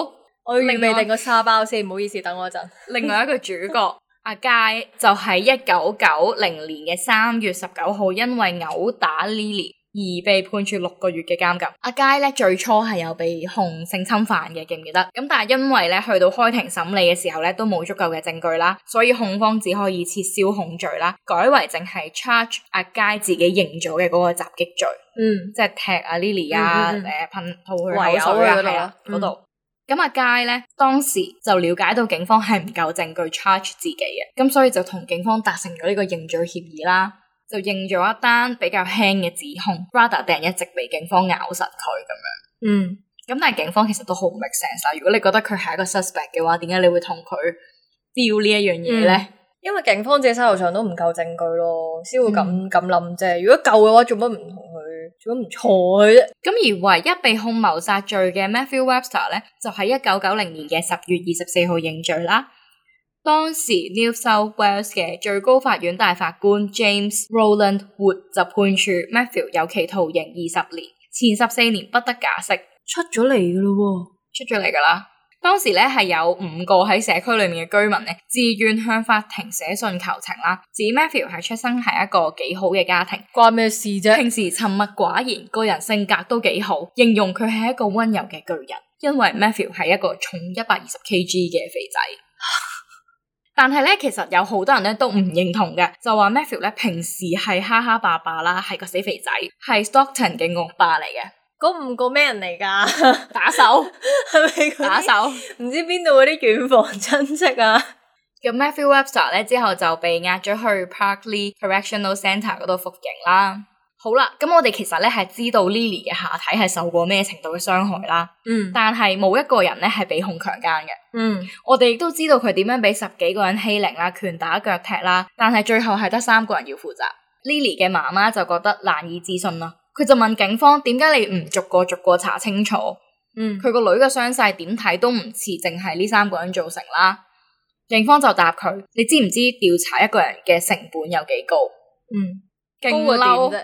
我要預備定個沙包先，唔好意思等我一陣。另外一個主角阿佳 就喺一九九零年嘅三月十九號，因為毆打 Lily。而被判處六個月嘅監禁。阿佳咧最初係有被控性侵犯嘅，記唔記得咁但係因為咧去到開庭審理嘅時候咧，都冇足夠嘅證據啦，所以控方只可以撤銷控罪啦，改為淨係 charge 阿佳自己認咗嘅嗰個襲擊罪。嗯，即係踢阿 Lily 啊，誒噴吐佢口水啊嗰度。咁阿佳咧當時就了解到警方係唔夠證據 charge 自己嘅，咁所以就同警方達成咗呢個認罪協議啦。就認咗一單比較輕嘅指控，rather than 定一直被警方咬實佢咁樣。嗯，咁、嗯、但係警方其實都好唔 make sense 啦。如果你覺得佢係一個 suspect 嘅話，點解你會同佢 deal、嗯、呢一樣嘢咧？因為警方自己手頭上都唔夠證據咯，先會咁咁諗啫。如果夠嘅話，做乜唔同佢做乜唔坐佢咧？咁而唯一被控謀殺罪嘅 Matthew Webster 咧，就喺一九九零年嘅十月二十四號認罪啦。當時 New South Wales 嘅最高法院大法官 James Roland Wood 就判處 Matthew 有期徒刑二十年，前十四年不得假釋。出咗嚟噶啦，出咗嚟噶啦。當時咧係有五個喺社區裏面嘅居民咧自願向法庭寫信求情啦。指 Matthew 係出生係一個幾好嘅家庭，關咩事啫？平時沉默寡言，個人性格都幾好，形容佢係一個溫柔嘅巨人。因為 Matthew 係一個重一百二十 kg 嘅肥仔。 但係咧，其實有好多人咧都唔認同嘅，就話 Matthew 咧平時係哈哈霸霸啦，係個死肥仔，係 Stockton 嘅惡霸嚟嘅。嗰五個咩人嚟㗎？ 打手係咪？ 係咪打手唔 知邊度嗰啲遠房親戚啊。咁 Matthew Webster 咧之後就被押咗去 Parklea Correctional Center 嗰度服刑啦。好啦，咁我哋其實咧係知道 Leigh Leigh 嘅下體係受過咩程度嘅傷害啦，嗯，但係冇一個人咧係被控強姦嘅，嗯，我哋都知道佢點樣俾十幾個人欺凌啦，拳打腳踢啦，但係最後係得三個人要負責。Leigh Leigh 嘅媽媽就覺得難以置信啦，佢就問警方：點解你唔逐個逐個查清楚？嗯，佢個女嘅傷勢點睇都唔似淨係呢三個人造成啦。警方就答佢：你知唔知調查一個人嘅成本有幾高？嗯，勁嬲氣。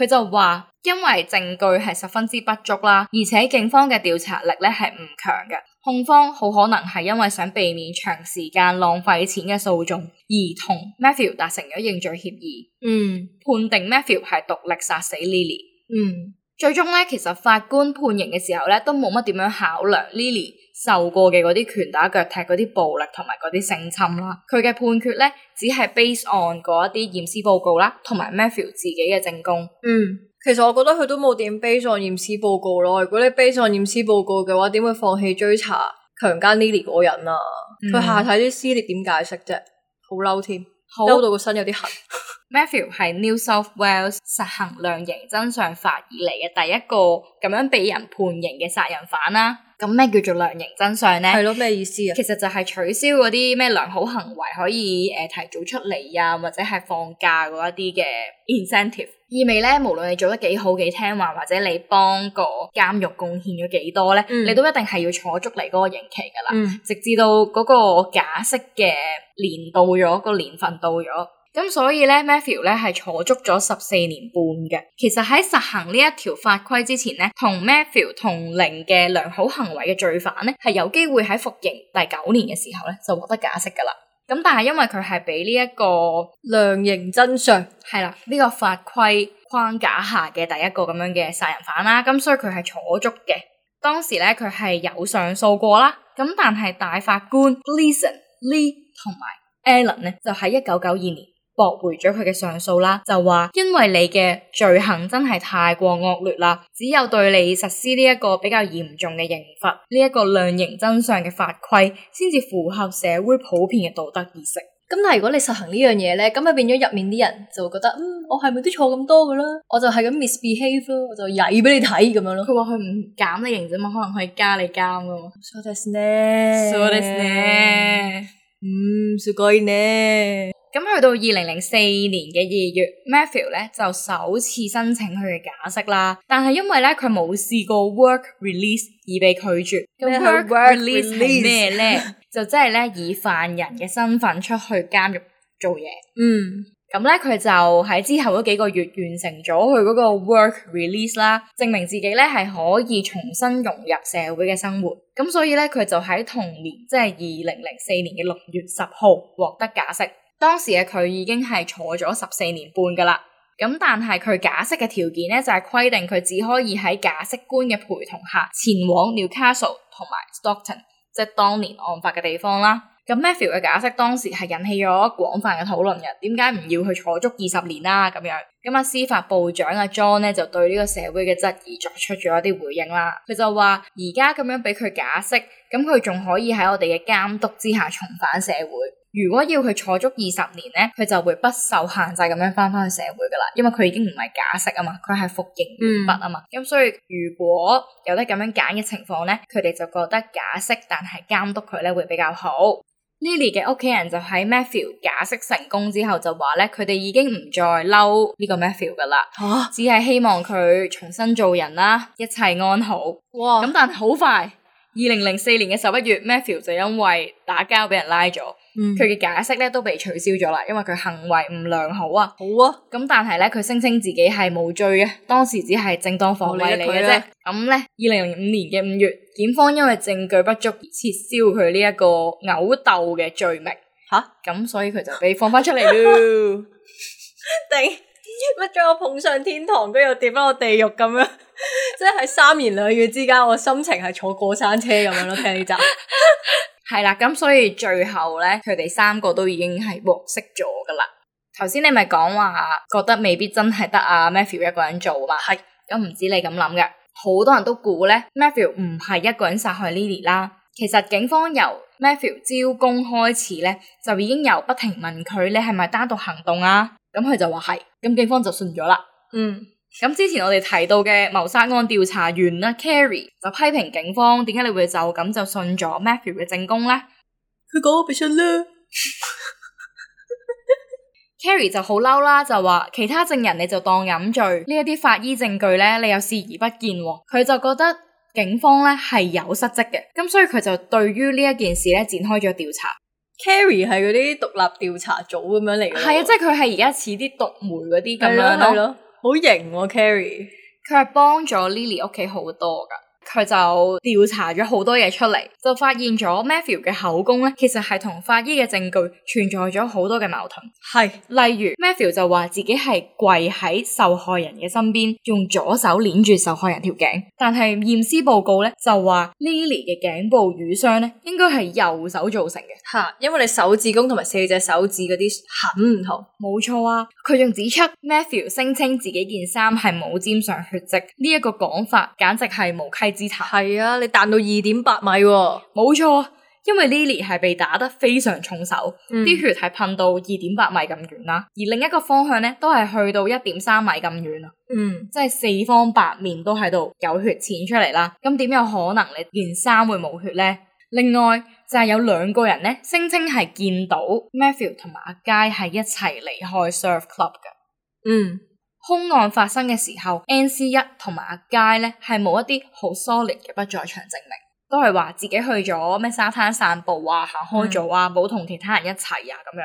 佢就話，因為證據係十分之不足啦，而且警方嘅調查力咧係唔強嘅，控方好可能係因為想避免長時間浪費錢嘅訴訟，而同 Matthew 達成咗認罪協議。嗯，判定 Matthew 係獨力殺死 Leigh Leigh。嗯，最終咧其實法官判刑嘅時候咧都冇乜點樣考量 Leigh Leigh。受過嘅嗰啲拳打腳踢、嗰啲暴力同埋嗰啲性侵啦，佢嘅判決咧只係 based on 嗰一啲驗屍報告啦，同埋 Matthew 自己嘅證供。嗯，其實我覺得佢都冇點 based on 驗屍報告咯。如果你 based on 驗屍報告嘅話，點會放棄追查強姦 Lily 嗰人啊？佢、嗯、下睇啲撕裂點解釋啫，好嬲添，嬲到個身有啲痕。 Matthew 係 New South Wales 實行量刑真相法以嚟嘅第一個咁樣俾人判刑嘅殺人犯啦、啊。咁咩叫做量刑真相咧？係咯，咩意思啊？其實就係取消嗰啲咩良好行為可以誒、呃、提早出嚟啊，或者係放假嗰一啲嘅 incentive，意味咧無論你做得幾好幾聽話，或者你幫個監獄貢獻咗幾多咧，嗯、你都一定係要坐足嚟嗰個刑期噶啦，嗯、直至到嗰個假釋嘅年到咗，嗰個年份到咗。咁所以咧，Matthew 咧係坐足咗十四年半嘅。其實喺實行呢一條法規之前咧，同 Matthew 同齡嘅良好行為嘅罪犯咧係有機會喺服刑第九年嘅時候咧就獲得假釋噶啦。咁但係因為佢係俾呢一個量刑真相係啦，呢個法規框架下嘅第一個咁樣嘅殺人犯啦，咁所以佢係坐足嘅。當時咧佢係有上訴過啦，咁但係大法官 Gleeson Lee 同埋 Allen 咧就喺一九九二年駁回咗佢嘅上訴啦，就話因為你嘅罪行真係太過惡劣啦，只有對你實施呢一個比較嚴重嘅刑罰，呢一個量刑真相嘅法規，先至符合社會普遍嘅道德意識。咁但係如果你實行呢樣嘢咧，咁就變咗入面啲人就會覺得，嗯，我係咪都錯咁多噶啦？我就係咁 misbehave，我就曳俾你睇咁樣咯。佢話佢唔減你刑啫嘛，可能係加你監㗎嘛。そうですね。そうですね。うん、so、すごいね。咁去到二零零四年嘅二月，Matthew 咧就首次申請佢嘅假釋啦。但係因為咧佢冇試過 work release 而被拒絕。咁麼 work release 係咩呢？ 就即係咧以犯人嘅身份出去監獄做嘢。嗯，咁咧佢就喺之後嗰幾個月完成咗佢嗰個 work release 啦，證明自己咧係可以重新融入社會嘅生活。咁所以咧佢就喺同年，即係二零零四年嘅六月十號獲得假釋。當時嘅佢已經係坐咗十四年半噶啦，咁但係佢假釋嘅條件咧就係、是、規定佢只可以喺假釋官嘅陪同下前往 Newcastle 同埋 Stockton，即係當年案發嘅地方啦。咁 Matthew 嘅假釋當時係引起咗廣泛嘅討論嘅，點解唔要去坐足二十年啦、啊、咁樣？咁司法部長阿、啊、John 呢，就對呢個社會嘅質疑作出咗一啲回應啦。佢就話：而家咁樣俾佢假釋，咁佢仲可以喺我哋嘅監督之下重返社會。如果要佢坐足二十年咧，佢就會不受限制咁樣翻翻去社會噶啦，因為佢已經唔係假釋啊嘛，佢係服刑完畢啊嘛，咁、嗯嗯、所以如果有得咁樣揀嘅情況咧，佢哋就覺得假釋但係監督佢咧會比較好。Leigh Leigh 嘅屋企人就喺 Matthew 假釋成功之後就話咧，佢哋已經唔再嬲呢個 Matthew 噶啦，啊、只係希望佢重新做人啦，一切安好。哇！咁但係好快，二零零四年嘅十一月，Matthew 就因為打交俾人拉咗。佢嘅假釋咧都被取消咗啦，因為佢行為唔良好啊。好啊但但呢，咁但係咧佢聲稱自己係冇罪嘅，當時只係正當防衛嚟嘅啫。咁咧，二零零五年嘅五月，檢方因為證據不足，撤銷佢呢一個毆鬥嘅罪名。吓、啊、咁、啊、所以佢就俾放翻出嚟啦 。定乜將我捧上天堂，佢又跌翻我地獄咁樣？ 即係三言兩語之間，我心情係坐過山車咁樣咯。聽呢集。係啦，咁所以最後咧，佢哋三個都已經係獲釋咗噶啦。頭先你咪講話覺得未必真係得啊 Matthew 一個人做嘛，係，咁唔知你咁諗嘅，好多人都估咧 Matthew 唔係一個人殺害 Lily 啦。其實警方由 Matthew 招供開始咧，就已經由不停問佢你係咪單獨行動啊，咁佢就話係，咁警方就信咗啦。嗯。咁之前我哋提到嘅謀殺案調查員啦，Kerry 就批評警方，點解你會就咁就信咗 Matthew 嘅證供咧？佢講俾信啦 ，Kerry 就好嬲啦，就話其他證人你就當飲醉，呢一啲法醫證據咧，你又視而不見。佢就覺得警方咧係有失職嘅，咁所以佢就對於呢一件事咧展開咗調查。Kerry 係嗰啲獨立調查組咁樣嚟嘅，係啊，即係佢係而家似啲獨媒嗰啲咁樣咯。好型喎，Kerry。佢係幫咗 Leigh Leigh 屋企好多噶。佢就調查咗好多嘢，出嚟，就發現咗 Matthew 嘅口供呢，其實係同法醫嘅證據存在咗好多嘅矛盾。係是，例如 Matthew 就話自己係跪喺受害人嘅身邊，用左手捏住受害人條頸，但係驗屍報告呢，就話 Lily 嘅頸部瘀傷呢應該係右手造成嘅吓，哈因為你手指公同埋四隻手指嗰啲痕唔同，冇錯啊。佢仲指出 Matthew 聲稱自己件衫係冇沾上血跡呢一，這個講法，簡直係無稽係啊，你彈到二點八米喎，哦，冇錯，因為 Leigh Leigh 係被打得非常重手，啲、嗯、血係噴到二點八米咁遠啦，而另一個方向咧都係去到一點三米咁遠啊，嗯，即係四方八面都喺度有血濺出嚟啦，咁點有可能你件衫會冇血咧？另外就係，是，有兩個人咧聲稱係見到 Matthew 同埋阿佳係一齊離開 Surf Club 嘅，嗯。兇案發生嘅時候，NC1 同埋阿佳咧係冇一啲好 solid 嘅不在場證明，都係話自己去咗咩沙灘散步啊，行開咗啊，冇同其他人一齊啊咁樣。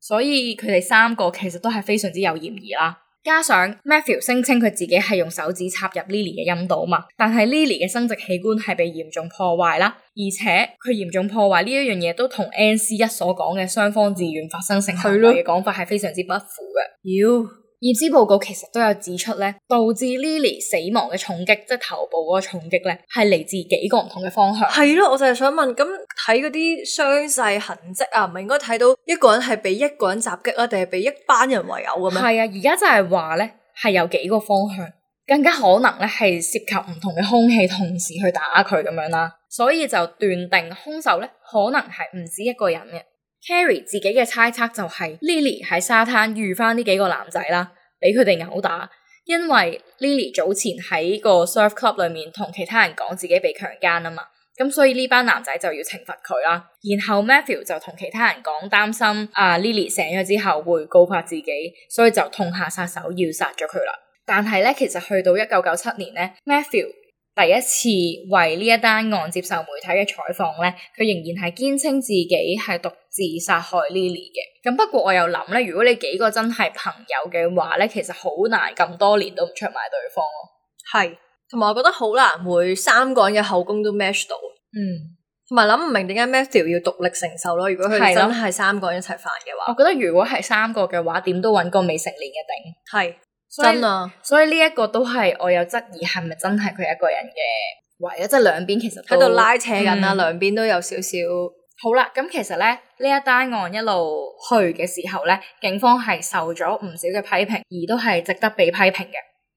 所以佢哋三個其實都係非常之有嫌疑啦。加上 Matthew 聲稱佢自己係用手指插入 Leigh Leigh 嘅陰道嘛，但係 Leigh Leigh 嘅生殖器官係被嚴重破壞啦，而且佢嚴重破壞呢一樣嘢都同 NC1 所講嘅雙方自願發生性行為嘅講法係非常之不符嘅。妖、嗯。驗屍報告其實都有指出咧，導致 Leigh Leigh 死亡嘅重擊，即係頭部嗰個重擊咧，係嚟自幾個唔同嘅方向。係咯，我就係想問，咁睇嗰啲傷勢痕跡啊，唔係應該睇到一個人係俾一個人襲擊啊，定係俾一班人圍毆嘅咩？係啊，而家就係話咧，係有幾個方向，更加可能咧係涉及唔同嘅空氣同時去打佢咁樣啦，所以就斷定兇手咧可能係唔止一個人嘅。Kerry 自己嘅猜測就係 Leigh Leigh 喺沙灘遇翻呢幾個男仔啦，俾佢哋毆打，因為 Leigh Leigh 早前喺個 surf club 裏面同其他人講自己被強姦啊嘛，咁所以呢班男仔就要懲罰佢啦。然後 Matthew 就同其他人講擔心啊 Leigh Leigh 醒咗之後會告發自己，所以就痛下殺手要殺咗佢啦。但係咧，其實去到一九九七年咧，Matthew，第一次為呢一單案接受媒體嘅採訪咧，佢仍然係堅稱自己係獨自殺害 Leigh Leigh 嘅。咁不過我又諗咧，如果你幾個真係朋友嘅話咧，其實好難咁多年都唔出賣對方咯、啊。係，同埋我覺得好難會三個人嘅口供都 match 到。嗯，同埋諗唔明點解 Matthew 要獨力承受咯？如果佢真係三個人一齊犯嘅話，我覺得如果係三個嘅話，點都揾個未成年嘅頂。係。真啊！所以呢一個都係我有質疑，係咪真係佢一個人嘅？唯一即係兩邊其實喺度拉扯緊啦，兩邊、嗯、都有少少。好啦，咁其實咧，呢一單案一路去嘅時候咧，警方係受咗唔少嘅批評，而都係值得被批評嘅。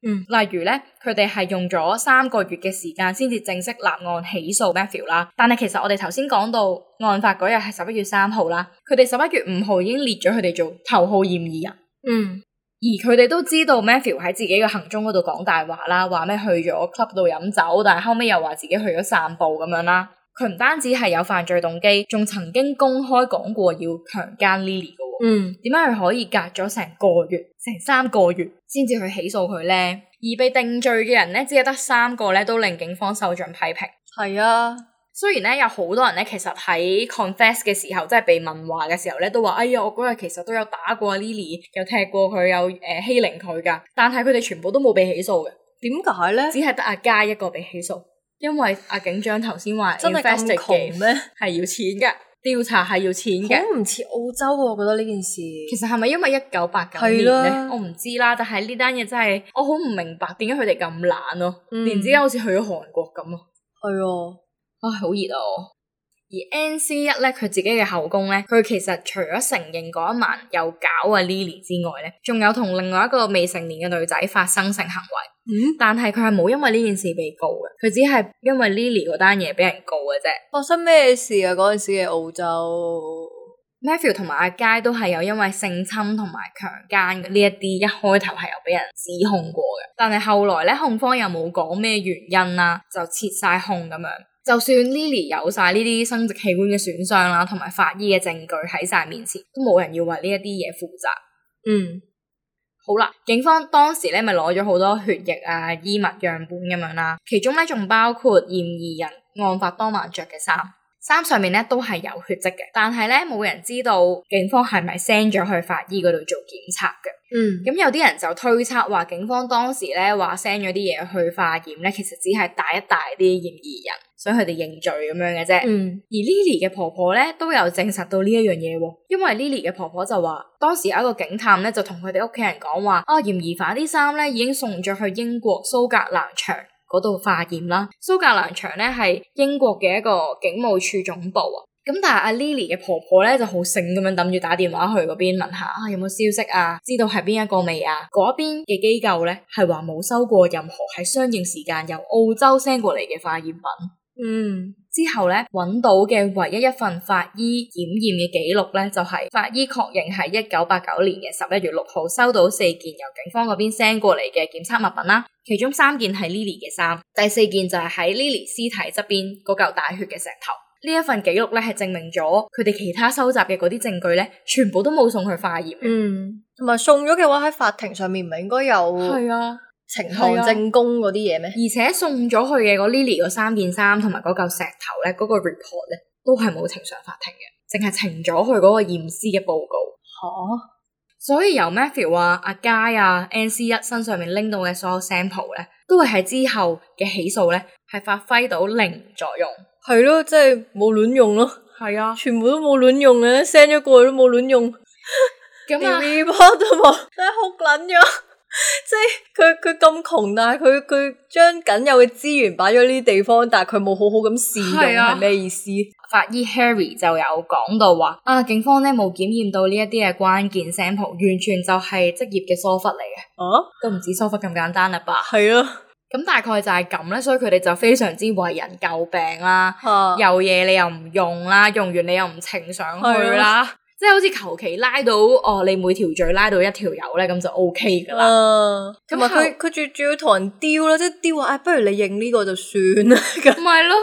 嗯，例如咧，佢哋係用咗三個月嘅時間先至正式立案起訴 Matthew 啦。但係其實我哋頭先講到案發嗰日係十一月三號啦，佢哋十一月五號已經列咗佢哋做頭號嫌疑人。嗯。而佢哋都知道 Matthew 喺自己嘅行蹤嗰度講大話啦，話咩去咗 club 度飲酒，但係後尾又話自己去咗散步咁樣啦。佢唔單止係有犯罪動機，仲曾經公開講過要強姦 Leigh Leigh 嘅。嗯，點解佢可以隔咗成個月，成三個月先至去起訴佢咧？而被定罪嘅人咧，只係得三個咧，都令警方受盡批評。係啊。雖然咧有好多人咧，其實喺 confess 嘅時候，即係被問話嘅時候咧，都話：哎呀，我嗰日其實都有打過 Leigh Leigh，有踢過佢，有誒欺凌佢㗎。但係佢哋全部都冇被起訴嘅，點解咧？只係得阿嘉一個被起訴，因為阿警長頭先話 investigate 係要錢嘅，調查係要錢嘅。好唔似澳洲喎，我覺得呢件事。其實係咪因為一九八九年咧？我唔知啦。但係呢單嘢真係我好唔明白，點解佢哋咁懶咯？突然之間好似去咗韓國咁啊！係啊。啊，好熱哦、啊。而 NC1 咧，佢自己嘅口供咧，佢其實除咗承認嗰一晚又搞啊 Lily 之外咧，仲有同另外一個未成年嘅女仔發生性行為。嗯， 但係佢係冇因為呢件事被告嘅，佢只係因為 Lily 嗰單嘢俾人告嘅啫。發生咩事啊？嗰陣時嘅澳洲，Matthew 同埋阿佳都係有因為性侵同埋強姦呢一啲，一開頭係有俾人指控過嘅，但係後來咧控方又冇講咩原因啦，啊，就撤晒控咁樣。就算 Leigh Leigh 有晒呢啲生殖器官嘅損傷啦，同埋法醫嘅證據喺晒面前，都冇人要為呢一啲嘢負責。嗯，好啦，警方當時咧咪攞咗好多血液啊、衣物樣本咁樣啦，其中咧仲包括嫌疑人案發當晚着嘅衫。衫上面咧都係有血跡嘅，但係咧冇人知道警方係咪 send 咗去法醫嗰度做檢測嘅。嗯，咁有啲人就推測話警方當時咧話 send 咗啲嘢去化驗咧，其實只係帶一大啲嫌疑人，所以佢哋認罪咁樣嘅啫。嗯，而 Leigh Leigh 嘅婆婆咧都有證實到呢一樣嘢，因為 Leigh Leigh 嘅婆婆就話當時有一個警探咧就同佢哋屋企人講話啊，嫌疑犯啲衫咧已經送咗去英國蘇格蘭場。嗰度化驗啦，蘇格蘭場咧係英國嘅一個警務處總部啊，咁但係阿 Leigh Leigh 嘅婆婆咧就好醒咁樣等住打電話去嗰邊問下，有冇消息啊？知道係邊一個未啊？嗰邊嘅機構咧係話冇收過任何喺相應時間由澳洲 send 過嚟嘅化驗品。嗯，之後咧揾到嘅唯一一份法醫檢驗嘅記錄咧，就係、是、法醫確認係一九八九年嘅十一月六號收到四件由警方嗰邊 send 過嚟嘅檢測物品啦，其中三件係 Leigh Leigh 嘅衫，第四件就係喺 Leigh Leigh 屍體側邊嗰嚿大血嘅石頭。呢一份記錄咧係證明咗佢哋其他收集嘅嗰啲證據咧，全部都冇送去化驗。嗯，同埋送咗嘅話喺法庭上面唔係應該有？係啊。呈堂證供嗰啲嘢咩？而且送咗去嘅嗰 Leigh Leigh 嗰三件衫同埋嗰嚿石頭咧，嗰個 report 咧都係冇呈上法庭嘅，淨係呈咗去嗰個驗屍嘅報告。吓、啊，所以由 Matthew 啊、阿、啊、Guy 啊、NC1 身上面拎到嘅所有 sample 咧，都會喺之後嘅起訴咧係發揮到零作用。係咯，即係冇卵用咯。係啊的，全部都冇卵用嘅，send 咗過去都冇卵用，連 report、啊、都冇，真係哭卵咗。 即係佢佢咁窮，但係佢佢將僅有嘅資源擺咗呢啲地方，但係佢冇好好咁使用，係咩是、啊、意思？法醫 Harry 就有講到話啊，警方咧冇檢驗到呢一啲嘅關鍵 sample，完全就係職業嘅疏忽嚟嘅。哦、啊，都唔止疏忽咁簡單啦吧？係咯。咁大概就係咁咧，所以佢哋就非常之為人詬病啦。啊、有嘢你又唔用啦，用完你又唔呈上去啦。是啊即係好似求其拉到哦，你每條嘴拉到一條友咧，咁就 OK 噶啦。同埋佢佢仲仲要同人丟咯，即係丟啊！不如你認呢個就算啦，咁 咪咯。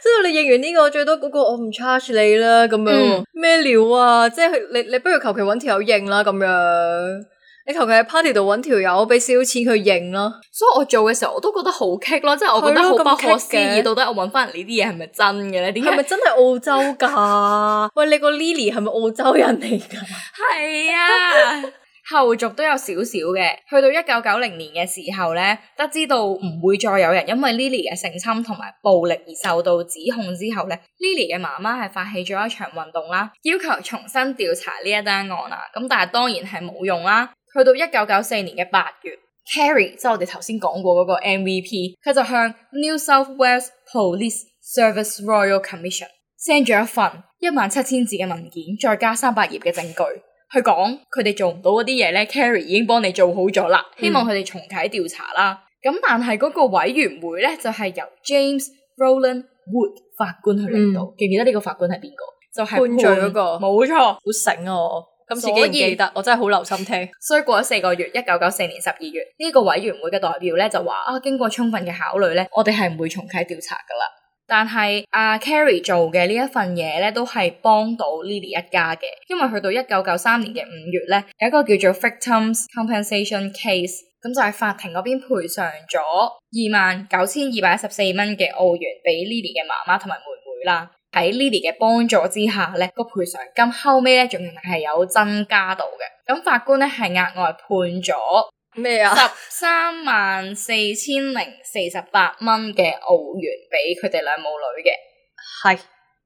即係 你認完呢，呢個最多嗰個我唔 charge 你啦，咁樣咩料、嗯、啊？即係你你不如求其搵條友認啦，咁樣。同佢喺 party 度揾條友，俾少少錢佢認咯。所以、so, 我做嘅時候，我都覺得好棘咯，即係我覺得好的不可思議。的到底我揾翻人是是呢啲嘢係咪真嘅咧？點解？係咪真係澳洲噶？ 喂，你個 Leigh Leigh 係咪澳洲人嚟噶？係 啊， 後續都有少少嘅。去到一九九零年嘅時候咧，得知到唔會再有人因為 Leigh Leigh 嘅性侵同埋暴力而受到指控之後咧，Leigh Leigh 嘅媽媽係發起咗一場運動啦，要求重新調查呢一單案啊。咁但係當然係冇用啦。去到一九九四年嘅八月，Kerry 即係我哋頭先講過嗰個 MVP，佢就向 New South Wales Police Service Royal Commission send 咗一份一萬七千字嘅文件，再加三百頁嘅證據，佢講佢哋做唔到嗰啲嘢咧，Kerry 已經幫你做好咗啦，希望佢哋重啟調查啦。咁、嗯、但係嗰個委員會咧就係由 James Roland Wood 法官去領導，嗯、記唔記得呢個法官係邊個？就係判罪嗰個，冇錯、啊，好醒哦。咁自己記得，我真係好留心聽。所以過咗四個月，一九九四年十二月，呢、這個委員會嘅代表呢就話啊，經過充分嘅考慮呢，我哋係唔會重啟調查噶啦。但係阿、啊、Kerry 做嘅呢一份嘢呢，都係幫到 Leigh Leigh 一家嘅，因為去到一九九三年嘅五月呢，有一個叫做 Victims Compensation Case，咁就係法庭嗰邊賠償咗二萬九千二百一十四蚊嘅澳元俾 Leigh Leigh 嘅媽媽同埋妹妹啦。喺 Lily 嘅幫助之下咧，個賠償金後尾咧仲係有增加到嘅。咁法官咧係額外判咗咩啊十三萬四千零四十八蚊嘅澳元俾佢哋兩母女嘅，係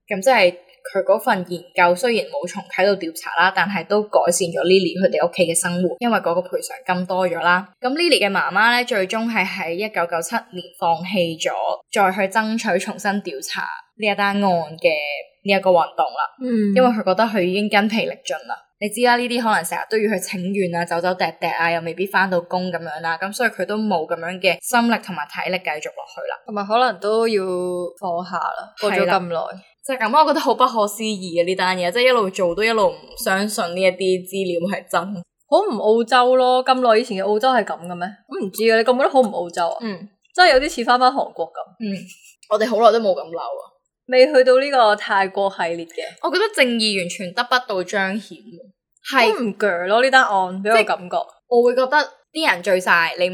咁是即係。佢嗰份研究雖然冇重啟到調查啦，但係都改善咗 Lily 佢哋屋企嘅生活，因為嗰個賠償金多咗啦。咁 Lily 嘅媽媽咧，最終係喺一九九七年放棄咗再去爭取重新調查呢一單案嘅呢一個運動啦。嗯，因為佢覺得佢已經筋疲力盡啦。你知啦，呢啲可能成日都要去請願啊，走走趯趯啊，又未必翻到工咁樣啦。咁所以佢都冇咁樣嘅心力同埋體力繼續落去啦，同埋可能都要放下啦，過咗咁耐。就咁，我覺得好不可思議啊！呢單嘢，即係一路做都一路唔相信呢一啲資料係真，好唔澳洲咯！咁耐以前嘅澳洲係咁嘅咩？我唔知啊！你覺唔覺得好唔澳洲啊？嗯，真係有啲似翻翻韓國咁。嗯，我哋好耐都冇咁嬲啊！未去到呢個泰國系列嘅，我覺得正義完全得不到彰顯嘅，係好唔鋸咯呢單案俾我感覺。我會覺得啲人醉晒，你唔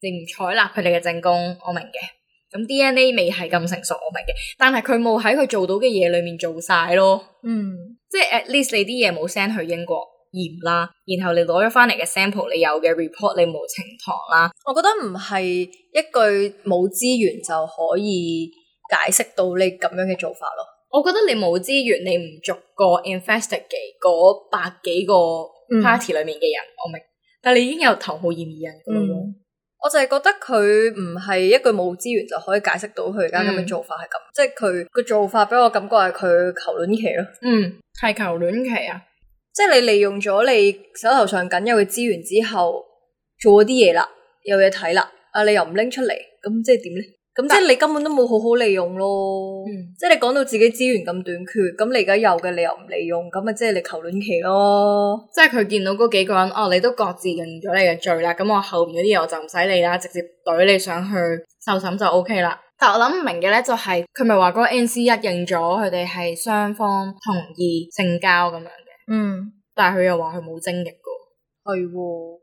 你唔採納佢哋嘅證供，我明嘅。咁 DNA 未係咁成熟，我明嘅，但係佢冇喺佢做到嘅嘢裏面做晒咯，嗯，即係 at least 你啲嘢冇 send 去英國驗啦，然後你攞咗翻嚟嘅 sample，你有嘅 report 你冇呈堂啦，我覺得唔係一句冇資源就可以解釋到你咁樣嘅做法咯，我覺得你冇資源，你唔逐個 investigate 嗰百幾個 party 裏面嘅人，嗯、我明，但係你已經有頭號嫌疑人㗎咯。嗯我就係覺得佢唔係一句冇資源就可以解釋到佢而家咁嘅做法係咁，嗯、即係佢個做法俾我感覺係佢求戀期咯。嗯，係求戀期啊！即係你利用咗你手頭上僅有嘅資源之後做啲嘢啦，有嘢睇啦，啊你又唔拎出嚟，咁即係點咧？咁但即係你根本都冇好好利用咯，嗯、即係你講到自己資源咁短缺，咁你而家有嘅你又唔利用，咁咪即係你求卵期咯！即係佢見到嗰幾個人，哦，你都各自認咗你嘅罪啦，咁我後邊嗰啲嘢，我就唔使理啦，直接懟你上去受審就 O K 啦。但係我諗唔明嘅咧、就是，就係佢咪話嗰個 N C 一認咗佢哋係雙方同意性交咁樣嘅，嗯，但係佢又話佢冇精力噶，係喎、哦。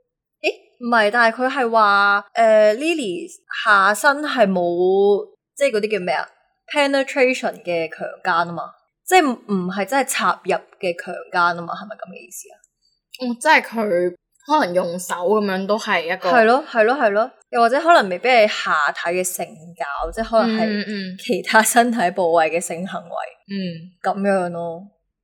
唔係，但係佢係話誒，Leigh Leigh 下身係冇，即係嗰啲叫咩啊？penetration 嘅強奸啊嘛，即係唔係真係插入嘅強奸啊嘛，係咪咁嘅意思啊？哦，即係佢可能用手咁樣都係一個係咯，係咯，係咯，又或者可能未必係下體嘅性交，即係可能係其他身體部位嘅性行為，嗯，咁、嗯、樣咯。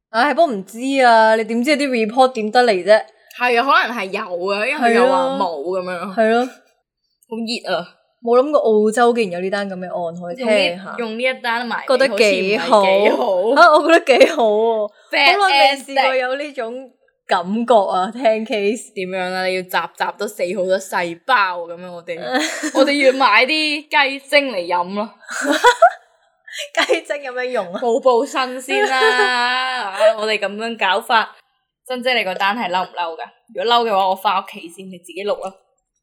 唉、哎，我唔知啊，你點知啲 report 點得嚟啫？係啊， 可能係有啊，因為又話冇咁樣咯。係咯了，好熱啊！冇 諗樂過澳洲竟然有呢單咁嘅案，可以聽下。用呢一單埋，覺得幾好。好好啊，我覺得幾好啊。好耐未試過有呢種感覺啊！聽 case 點樣啊？你要集集都死好多細胞，咁樣，我哋 我哋要買啲雞精嚟飲咯。雞 精有咩用啊？補補身先啦！ 我哋咁樣搞法。真真，你個單係嬲唔嬲噶？如果嬲嘅話，我翻屋企先，你自己錄啊！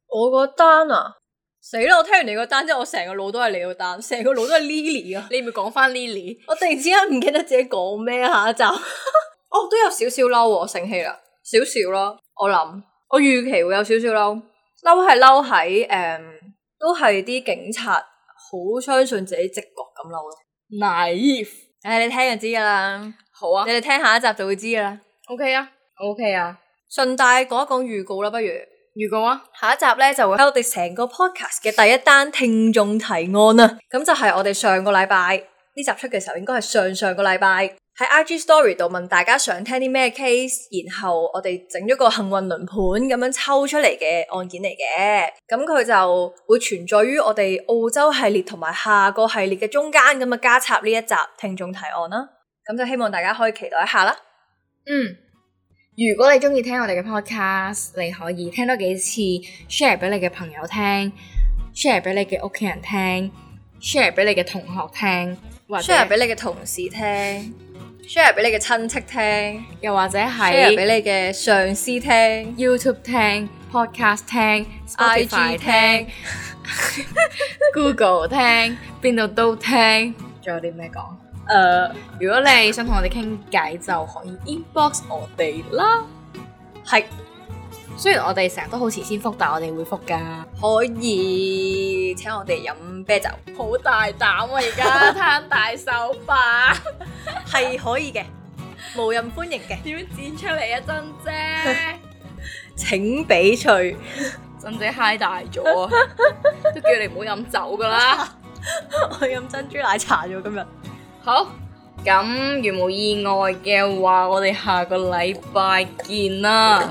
我個單啊，死啦！我聽完你個單之後，我成個腦都係你個單，成個腦都係 Lily 啊！ 你咪講翻 Lily，我突然之間唔記得自己講咩下一集，我、 哦、都有少少嬲，我生氣啦，少少咯，我諗我預期會有少少嬲，嬲係嬲喺，誒，都係啲警察好相信自己直覺咁嬲咯。Naive，誒、哎，你聽就知噶啦，好啊，你哋聽下一集就會知噶啦。O K 啊，O K 啊，順帶講一講預告啦，不如預告啊，下一集咧就會喺我哋成個 podcast 嘅第一單聽眾提案啦、啊。咁就係我哋上個禮拜呢集出嘅時候，應該係上上個禮拜喺 I G Story 度問大家想聽啲咩 case，然後我哋整咗個幸運輪盤咁樣抽出嚟嘅案件嚟嘅。咁佢就會存在於我哋澳洲系列同埋下個系列嘅中間咁啊，加插呢一集聽眾提案啦、啊。咁就希望大家可以期待一下啦。嗯，如果你中意聽我哋嘅 podcast，你可以聽多幾次，share 俾你嘅朋友聽，share 俾你嘅屋企人聽，share 俾你嘅同學聽，或者 share 俾你嘅同事聽，share 俾你嘅親戚聽，又或者 share 俾你嘅上司聽，YouTube 聽，podcast 聽，Spotify 聽，IG 聽，Google 聽，邊度都聽，仲有啲咩講？誒，如果你想同我哋傾偈，就可以 inbox 我哋啦。係，雖然我哋成日都好遲先覆，但我哋會覆噶。可以，請我哋飲啤酒。好大膽啊！而家攤大手板，係可以嘅，無人歡迎嘅。點樣剪出嚟啊？珍姐，請俾水，珍姐，嗨大咗，都叫你唔好飲酒噶啦，我飲珍珠奶茶咗今日。好，咁如冇意外嘅話，我哋下個禮拜見啦。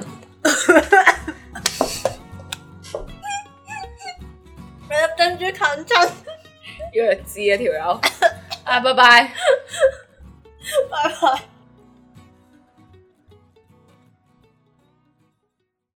你要跟住近進，弱智啊條友。 啊，拜拜， 拜拜。